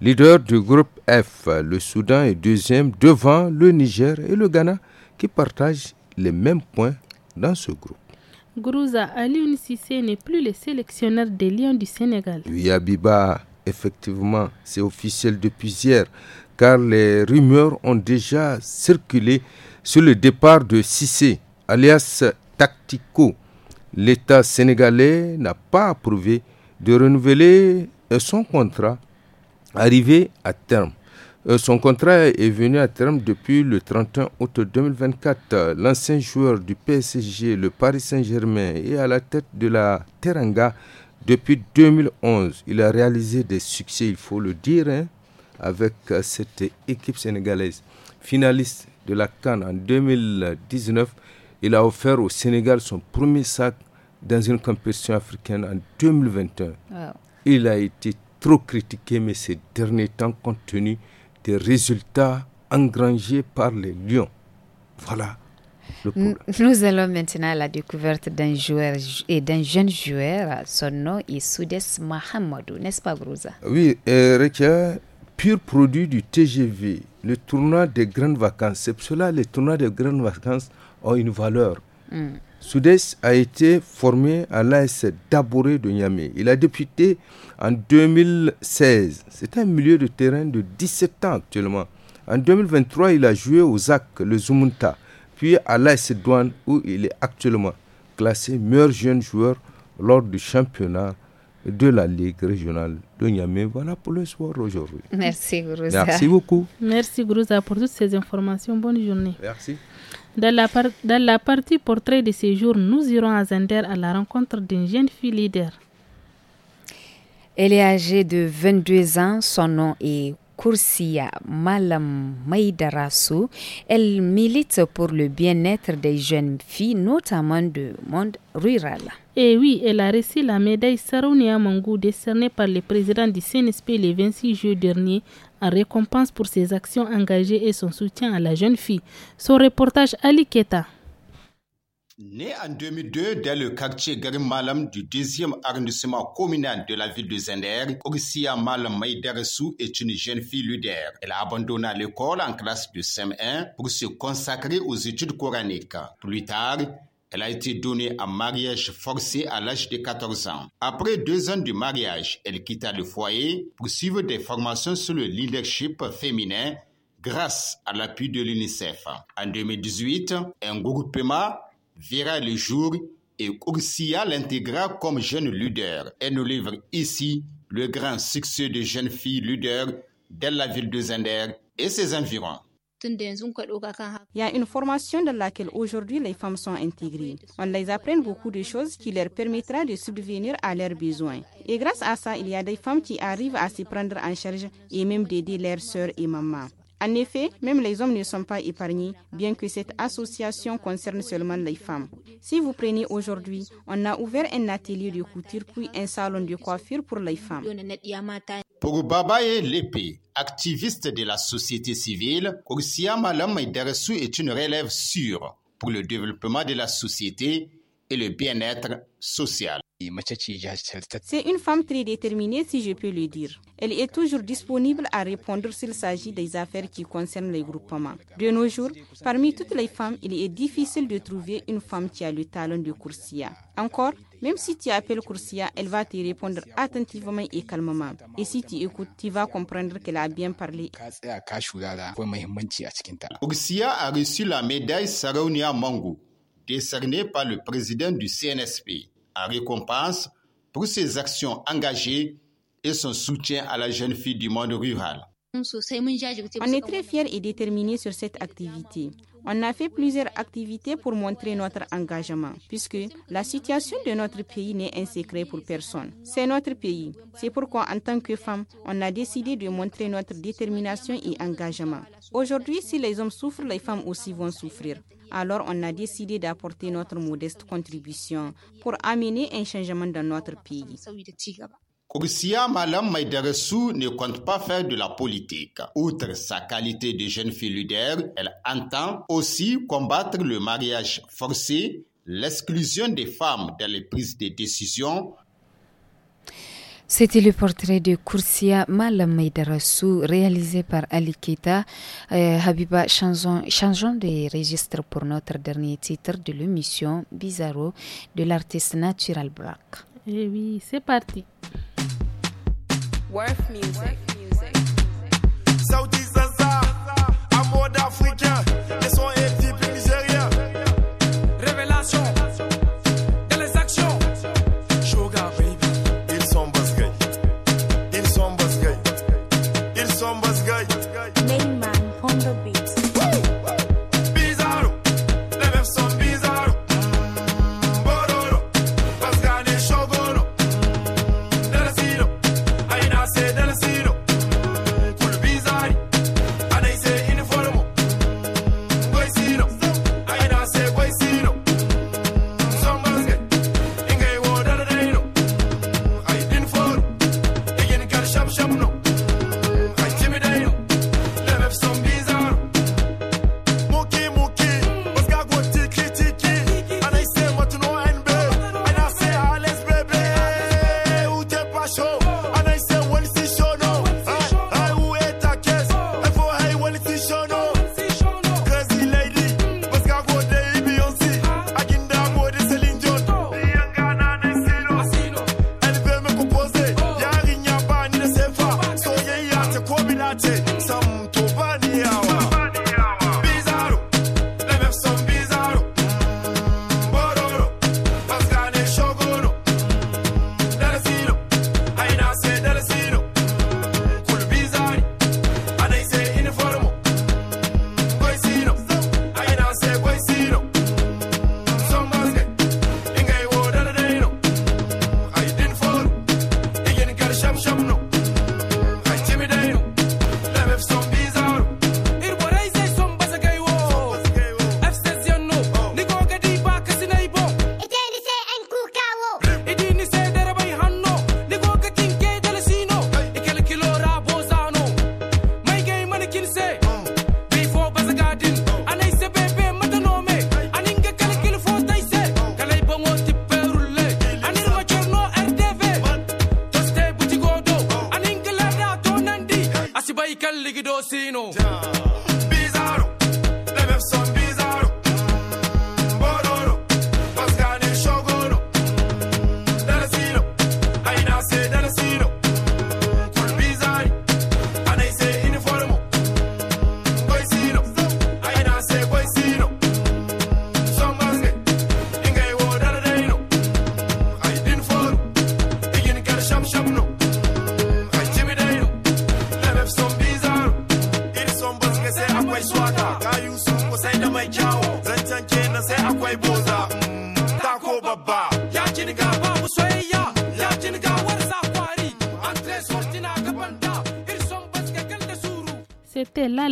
leader du groupe F. Le Soudan est deuxième devant le Niger et le Ghana qui partagent les mêmes points dans ce groupe. Gourouza Alioune Sissé n'est plus le sélectionneur des Lions du Sénégal. Oui, Abiba, effectivement, c'est officiel depuis hier, car les rumeurs ont déjà circulé sur le départ de Sissé, alias Tactico. L'État sénégalais n'a pas approuvé de renouveler son contrat arrivé à terme. Euh, son contrat est venu à terme depuis le 31 août 2024. L'ancien joueur du PSG, le Paris Saint-Germain, est à la tête de la Teranga depuis 2011. Il a réalisé des succès, il faut le dire, hein, avec euh, cette équipe sénégalaise. Finaliste de la Cannes en 2019, il a offert au Sénégal son premier sac dans une compétition africaine en 2021. Il a été trop critiqué, mais ces derniers temps, compte tenu des résultats engrangés par les lions. Voilà. Nous allons maintenant à la découverte d'un joueur et d'un jeune joueur. Son nom est Soudes Mahamadou, n'est-ce pas, Grouza Oui, Rekia, pur produit du TGV, le tournoi des grandes vacances. C'est pour cela que les tournois des grandes vacances ont une valeur. Hmm. Soudès a été formé à l'AS Daboré de Niamey. Il a débuté en 2016. C'est un milieu de terrain de 17 ans actuellement. En 2023, il a joué au ZAC, le Zumunta, puis à l'AS Douane où il est actuellement classé meilleur jeune joueur lors du championnat de la Ligue régionale de Niamey. Voilà pour le soir aujourd'hui. Merci, Grouza. Merci beaucoup. Merci, Gourouza, pour toutes ces informations. Bonne journée. Merci. Dans la, partie portrait de ces jours nous irons à Zender à la rencontre d'une jeune fille leader. Elle est âgée de 22 ans, son nom est Kursia Malam Elle milite pour le bien-être des jeunes filles, notamment du monde rural. Et oui, elle a reçu la médaille Sarounia Mangou décernée par le président du CNSP le 26 juillet dernier en récompense pour ses actions engagées et son soutien à la jeune fille. Son reportage Ali Keta. Né en 2002 dans le quartier Garim Malam du deuxième arrondissement communal de la ville de Zender, Orissia Malam Maïderesou est une jeune fille ludaire. Elle a abandonné l'école en classe de CM1 pour se consacrer aux études coraniques. Plus tard, elle a été donnée en mariage forcé à l'âge de 14 ans. Après deux ans de mariage, elle quitta le foyer pour suivre des formations sur le leadership féminin grâce à l'appui de l'UNICEF. En 2018, un groupement verra le jour et Ursia l'intégra comme jeune leader. Elle nous livre ici le grand succès de jeunes filles leader dans la ville de Zender et ses environs. Il y a une formation dans laquelle aujourd'hui les femmes sont intégrées. On les apprend beaucoup de choses qui leur permettra de subvenir à leurs besoins. Et grâce à ça, il y a des femmes qui arrivent à se prendre en charge et même d'aider leurs sœurs et mamans. En effet, même les hommes ne sont pas épargnés, bien que cette association concerne seulement les femmes. Si vous prenez aujourd'hui, on a ouvert un atelier de couture puis un salon de coiffure pour les femmes. Pour et Lepe, activiste de la société civile, Kogsiyama Lamaideresu est une relève sûre pour le développement de la société et le bien-être social. C'est une femme très déterminée, si je peux le dire. Elle est toujours disponible à répondre s'il s'agit des affaires qui concernent les groupements. De nos jours, parmi toutes les femmes, il est difficile de trouver une femme qui a le talent de Coursia. Encore, même si tu appelles Coursia, elle va te répondre attentivement et calmement. Et si tu écoutes, tu vas comprendre qu'elle a bien parlé. Coursia a reçu la médaille Saraunia Mango, décernée par le président du CNSP en récompense pour ses actions engagées et son soutien à la jeune fille du monde rural. On est très fiers et déterminés sur cette activité. On a fait plusieurs activités pour montrer notre engagement, puisque la situation de notre pays n'est un secret pour personne. C'est notre pays. C'est pourquoi, en tant que femme, on a décidé de montrer notre détermination et engagement. Aujourd'hui, si les hommes souffrent, les femmes aussi vont souffrir alors on a décidé d'apporter notre modeste contribution pour amener un changement dans notre pays. Kursia Malam Maideressou ne compte pas faire de la politique. Outre sa qualité de jeune fille elle entend aussi combattre le mariage forcé, l'exclusion des femmes dans les prises de décisions, c'était le portrait de Kursia Malamaydarassou, réalisé par Ali Keita. Euh, Habiba, changeons, changeons de registre pour notre dernier titre de l'émission Bizarro de l'artiste Natural Black. Eh oui, c'est parti. Révélation.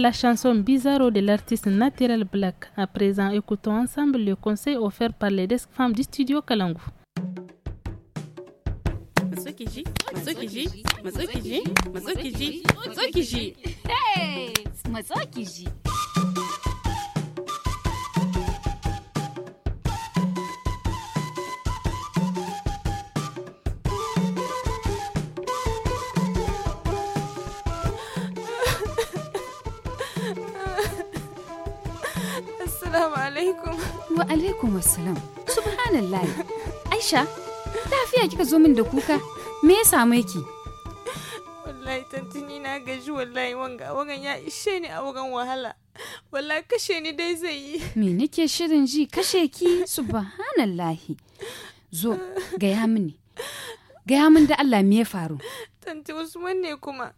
la chanson Bizarro de l'artiste Naturel Black. À présent, écoutons ensemble le conseil offert par les desk femmes du studio Kalangu. Wa alaikum assalam. Subhanallah. Aisha, lafiya kika zo min da kuka? Me ya same ki? Wallahi tantini na gaji wallahi wanga wagan ya ishe ni a wagan wahala. Wallahi kashe ni dai zai yi. Me nake shirin ji kashe ki? subhanallah Zo, gaya mini. Gaya min da Allah me ya faru? Tanti Usman ne kuma.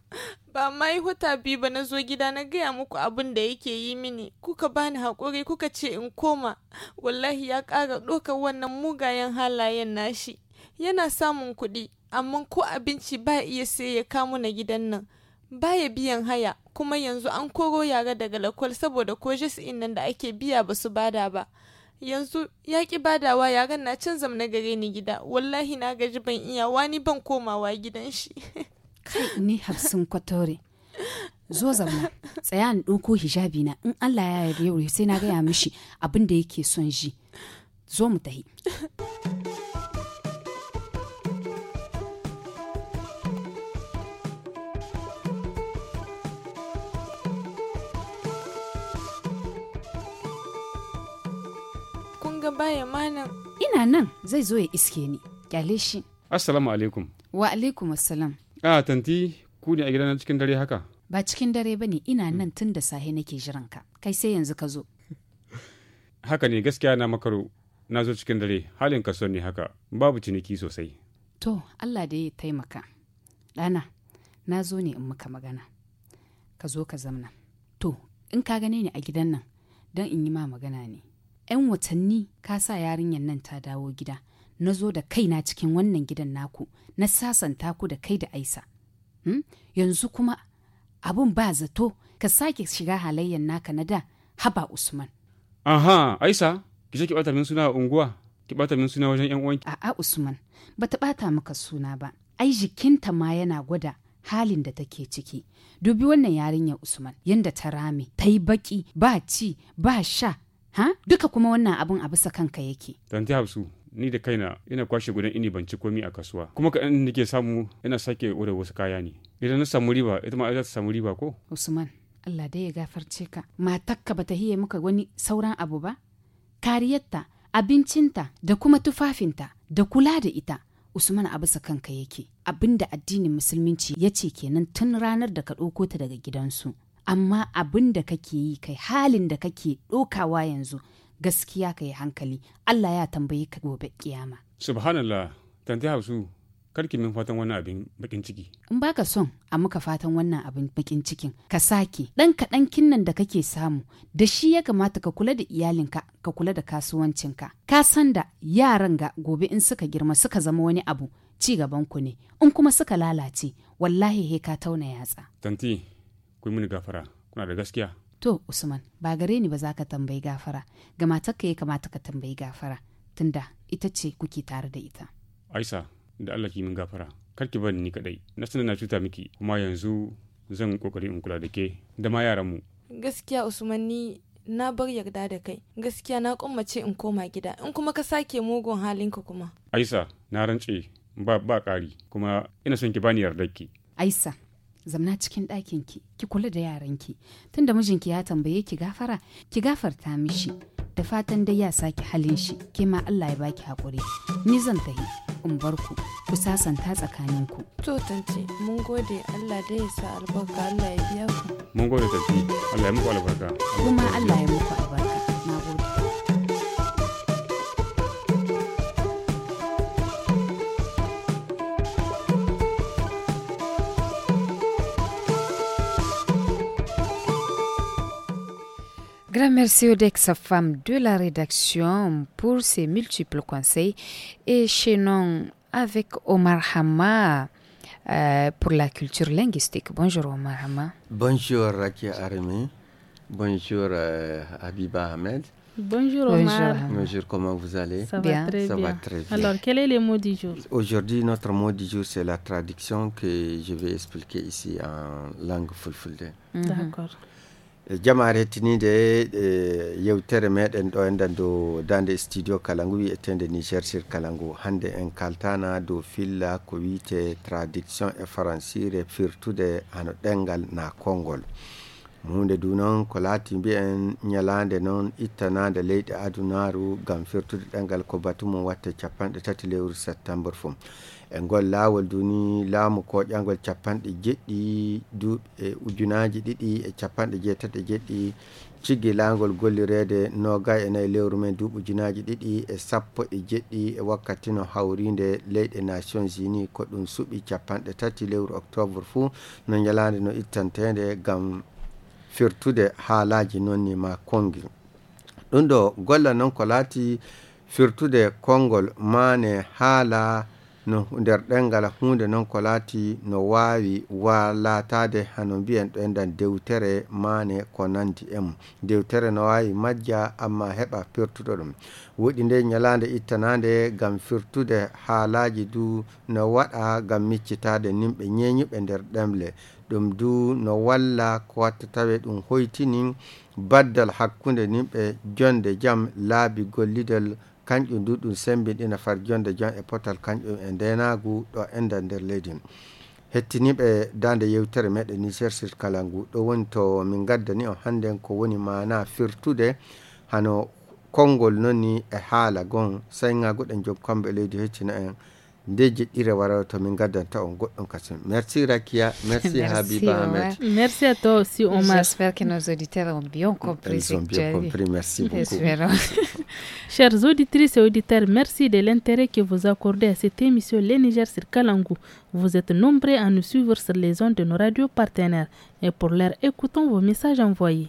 Ba ma yi wata biyu ba na zo gida na gaya muku abin da yake yi mini, kuka bani haƙuri kuka ce in koma, wallahi ya ƙara ɗaukar wannan mugayen halayen nashi. Yana samun kuɗi, amma ko abinci ba iya sai ya kamu na gidan nan. Baya biyan haya, kuma yanzu an koro yara daga lakwal saboda ko in nan da ake biya ba su bada ba. Yanzu ya ki badawa yaran na canza zamna gare ni gida, wallahi na gaji ban iya wani ban komawa gidan shi. kai ni hafsin kwatori zo zama tsaya ni ɗauko hijabi na in Allah ya yarda yau sai na gaya mishi abin da yake son ji zo mu tahi kun ga baya malam ina nan zai zo ya iske ni kyale shi assalamu alaikum wa alaikum assalam a tanti ku ne a gidana cikin dare haka ba cikin dare ba ne ina hmm. nan tun da sahe nake jiran ka kai sai yanzu ka zo haka ne gaskiya na makaro na zo cikin dare halin son ne haka babu ciniki sosai to allah da ya taimaka ɗana na zo ne in maka magana ka zo ka zamna to in ka gane ni a gidan nan don in yi ma magana ne 'yan watanni ka sa yarinyar nan ta dawo gida na zo da kaina cikin wannan gidan naku na sasanta ku da kai da aisa hmm? yanzu kuma abun ba zato ka sake shiga halayyar naka na da haba usman aha aisa ki ce ki bata min suna a unguwa ki bata min suna wajen yan uwanki a'a usman bata bata maka suna ba ai jikinta ma yana gwada halin da take ciki dubi wannan yarinyar usman yanda ta rame ta yi baki ba ci ba sha duka kuma wannan abun a bisa kanka yake tanti ni da kaina ina kwashe gudan ini ban ci komi a kasuwa kuma kaɗan nake samu ina sake wada wasu kaya ne idan na samu riba ita ma za ta samu riba ko usman allah dai ya gafarce ka matakka ba ta hiye muka wani sauran abu ba kariyarta abincinta da kuma tufafinta da kula da ita usman a bisa kanka yake abinda addinin musulminci ya ce kenan tun ranar da ka ɗauko ta daga gidansu amma abin da kake yi kai halin da kake ɗokawa yanzu gaskiya ka yi hankali Allah ya tambayi ka gobe kiyama subhanallah tante hausu karki min fatan wannan abin bakin ciki in baka son a muka fatan wannan abin bakin cikin ka sake dan kaɗan kinnan da kake samu da shi ya kamata ka kula da iyalinka ka kula da kasuwancinka ka san da yaran ga gobe in suka girma suka zama wani abu ci gaban ku ne in kuma suka lalace wallahi he ka tauna yatsa tanti ku mini gafara kuna da gaskiya To Usman ba gare ni ba za ka tambayi gafara ga matarka ya kamata ka tambayi gafara tunda ita ce kuke tare da ita. aisa da Allah ki min gafara kar ki bani ni kadai na sanar na cuta miki kuma yanzu zan kokari in kula da ke da ma yaran mu. Gaskiya Usman ni na bar yarda da kai gaskiya na kummace in koma gida in kuma ka sake mugun halinka kuma. aisa na rantse ba ba ƙari kuma ina son ki bani yarda ki. aisa. zamna cikin ɗakin ki ki kula da yaranki tunda mijinki ya tambaye ki gafara ki gafarta mishi da fatan dai ya saki halin shi ke ma Allah ya baki haƙuri ni zan tahi in bar ku ku sasanta tsakanin ku to tance mun gode Allah dai ya sa albarka Allah ya biya ku mun gode tafi Allah ya muku albarka kuma Allah ya muku Grand merci sa femme de la rédaction, pour ses multiples conseils. Et chaînons avec Omar Hama euh, pour la culture linguistique. Bonjour Omar Hama. Bonjour Rakia Arimi. Bonjour euh, Abiba Ahmed. Bonjour Omar. Bonjour, comment vous allez Ça, Va, très Alors, quel est le mot du jour Aujourd'hui, notre mot du jour, c'est la traduction que je vais expliquer ici en langue fulfulde. D'accord jamar jama hettiniide e eh, yewtere meɗen ɗo enɗan dande studio kalangu et niger sir kalangu Hande en kaltana do filla ko wiite tradiction e francire firtude hano ɗengal na kongol hunde du noon ko laati mbi'en non noon ittanade leyɗe adunaru gam firtude ɗengal ko batu mum watte capanɗe tati lewru septembre fum e ngol laawol duni laamu koƴangol capanɗe jeɗɗi duɓe ujunaji ɗiɗi e capanɗe jeetate jeɗɗi ciggi laangol gollireede noga e nayi lewru men duuɓi ujunaji ɗiɗi e sappo e jeɗɗi e wakkati no hawride leyɗe nations uni ko ɗum suɓi capanɗe tati lewru octobre fuu no ñalade no ittantede gam firtude haalaji nonni ma kongil ɗum ɗo golla noon ko laati firtude kongol maane haala no nder ɗengal hunde noon ko laati no wawi walatade hano mbiyen ɗo endan dewtere mane ko nandi en dewtere no wawi majja amma heɓa pertuɗo ɗum woɗi nde ñalade ittanade gam firtude haalaji du no waɗa gam miccitade nimɓe ñeñuɓe nder ɗemle ɗum du no walla ko watta tawe ɗum hoytinin baddal hakkunde nin ɓe jonde jam laabi gollidel kanƴum du ɗum sembiɗina far jonde jam e potal kanƴum e ndenagu ɗo enda nder leydi hettiniɓe dande yewtere meɗen niger sir kala ngu ɗo woni to min gaddani on hannden ko woni mana firtude hano konngol noon ni e haala gon and job kamɓe leydi lady en merci rakia merci, habiba merci à toi aussi omar j'espère que nos auditeurs ont bien compris Ils ont bien compris merci beaucoup chers auditrices et auditeurs merci de l'intérêt que vous accordez à cette émission les Niger sur Kalangou vous êtes nombreux à nous suivre sur les ondes de nos radios partenaires et pour l'heure écoutons vos messages envoyés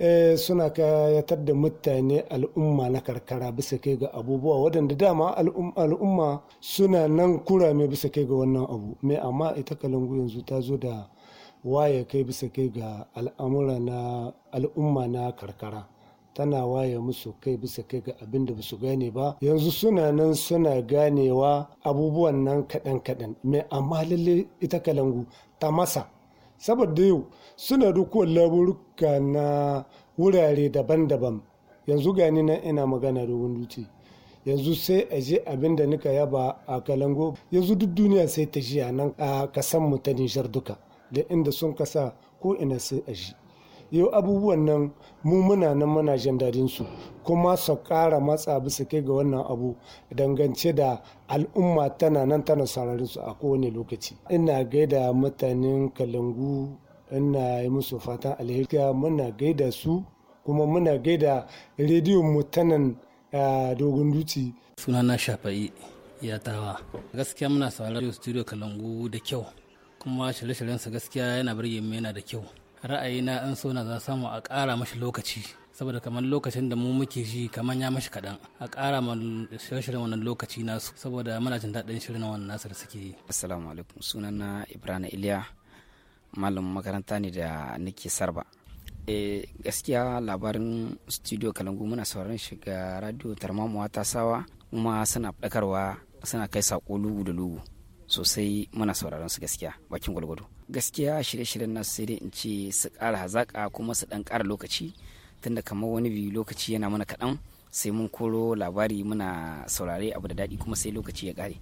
Eh, suna kayatar da mutane al'umma na karkara bisa kai ga abubuwa waɗanda dama al'umma suna nan kura kurame bisa kai ga wannan abu mai amma ita kalangu yanzu ta zo da waye kai bisa kai ga al'amura na al'umma na karkara tana waye musu kai bisa kai ga abin da basu gane ba yanzu suna nan suna ganewa abubuwan nan kaɗan kaɗan mai amma lalle ita kalangu ta masa saboda yau suna rukuwar laburka na wurare daban-daban yanzu gani nan ina magana da wani yanzu sai a je abin da nika yaba a kalango yanzu duk duniya sai ta ji a nan a kasan mu ta nishar duka da inda sun kasa ko ina sai a ji yau abubuwan nan mu muna nan muna jin dadin su kuma su kara matsa bisa kai ga wannan abu dangance da al'umma tana nan tana sararin su a kowane lokaci ina gaida mutanen kalangu ina yi musu fatan alheri muna gaida su kuma muna gaida rediyon mu ta nan dogon duci na shafa'i ya tawa gaskiya muna sauraron studio kalangu da kyau kuma shirye shiryen sa gaskiya yana birge mu yana da kyau ra'ayina an so na za samu a ƙara mashi lokaci saboda kamar lokacin da mu muke ji kamar ya mashi kaɗan a ƙara ma shirye-shiryen wannan lokaci nasu saboda muna jin daɗin shirin wannan nasu da suke yi assalamu alaikum sunana ibrahim iliya malamin makaranta ne da nake sarba e gaskiya labarin studio kalangu muna sauraron shiga radio tarmamuwa ta sawa kuma suna ɗakarwa suna kai sako lugu da lugu sosai muna sauraron su gaskiya bakin gwalgwado gaskiya shirye-shiryen nasu sai dai in ce su ƙara hazaƙa kuma su ɗan ƙara lokaci tunda kamar wani biyu lokaci yana mana kaɗan sai mun koro labari muna saurare abu da daɗi kuma sai lokaci ya ƙare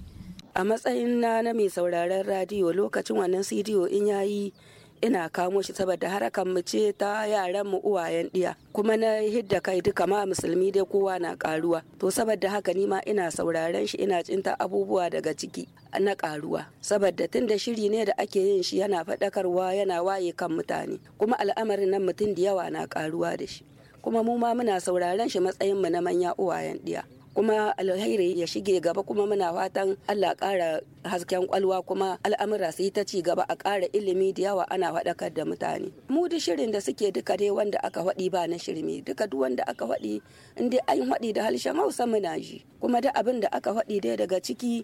a matsayin na na mai sauraren radiyo lokacin wannan cdo in ya yi ina kamo shi saboda harakan mu ce ta yaran mu uwayen diya kuma na hidda kai duka ma musulmi dai kowa na karuwa to saboda haka ni ma ina sauraren shi ina cinta abubuwa daga ciki na karuwa saboda tun da shiri ne da ake yin shi yana faɗakarwa yana waye kan mutane kuma al'amarin nan mutum da yawa na karuwa da shi kuma mu ma muna sauraren shi matsayin mu na manya uwayen diya kuma alheri ya shige gaba kuma muna fatan Allah ƙara hasken kwalwa kuma al'amura su yi ta ci gaba a ƙara ilimi da yawa ana faɗakar da mutane mu duk shirin da suke duka dai wanda aka faɗi ba na shirme duka duk wanda aka faɗi in an faɗi da harshen Hausa muna ji kuma da abin da aka faɗi dai daga ciki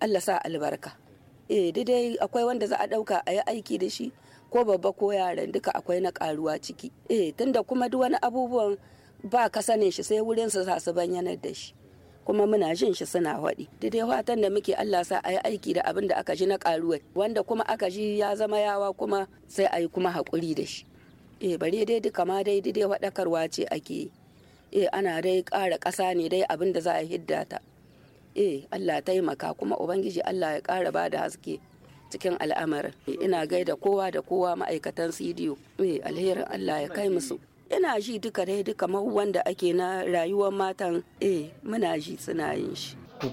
Allah sa albarka eh dai akwai wanda za a ɗauka a yi aiki da shi ko babba ko yaran duka akwai na karuwa ciki eh tunda kuma duk wani abubuwan ba ka sanin shi sai wurin su su bayyana da shi kuma muna jin shi suna haɗi dai fatan da muke Allah sa a yi aiki da abin da aka ji na karuwa wanda kuma aka ji ya zama yawa kuma sai a yi kuma haƙuri da shi eh bare dai duka ma dai dai waɗakarwa ce ake eh ana dai ƙara ƙasa ne dai abin da za a hidda ta eh Allah taimaka kuma ubangiji Allah ya ƙara ba da haske cikin al'amarin eh, ina gaida kowa da kowa ma'aikatan cdo eh alherin Allah ya kai musu Le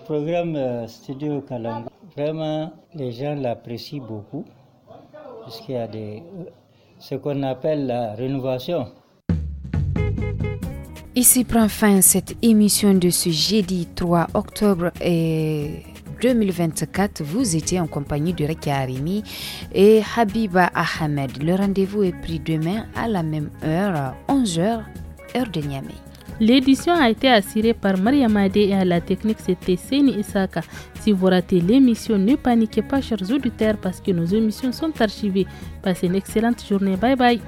programme euh, Studio vraiment, les gens l'apprécient beaucoup, puisqu'il y a ce qu'on appelle la rénovation. Ici prend fin cette émission de ce jeudi 3 octobre et 2024. Vous étiez en compagnie de Rekia Arimi et Habiba Ahmed. Le rendez-vous est pris demain à la même heure, 11h, heure de Niamey. L'édition a été assurée par Maria Madé et à la technique c'était Seni Isaka. Si vous ratez l'émission, ne paniquez pas chers auditeurs parce que nos émissions sont archivées. Passez une excellente journée. Bye bye.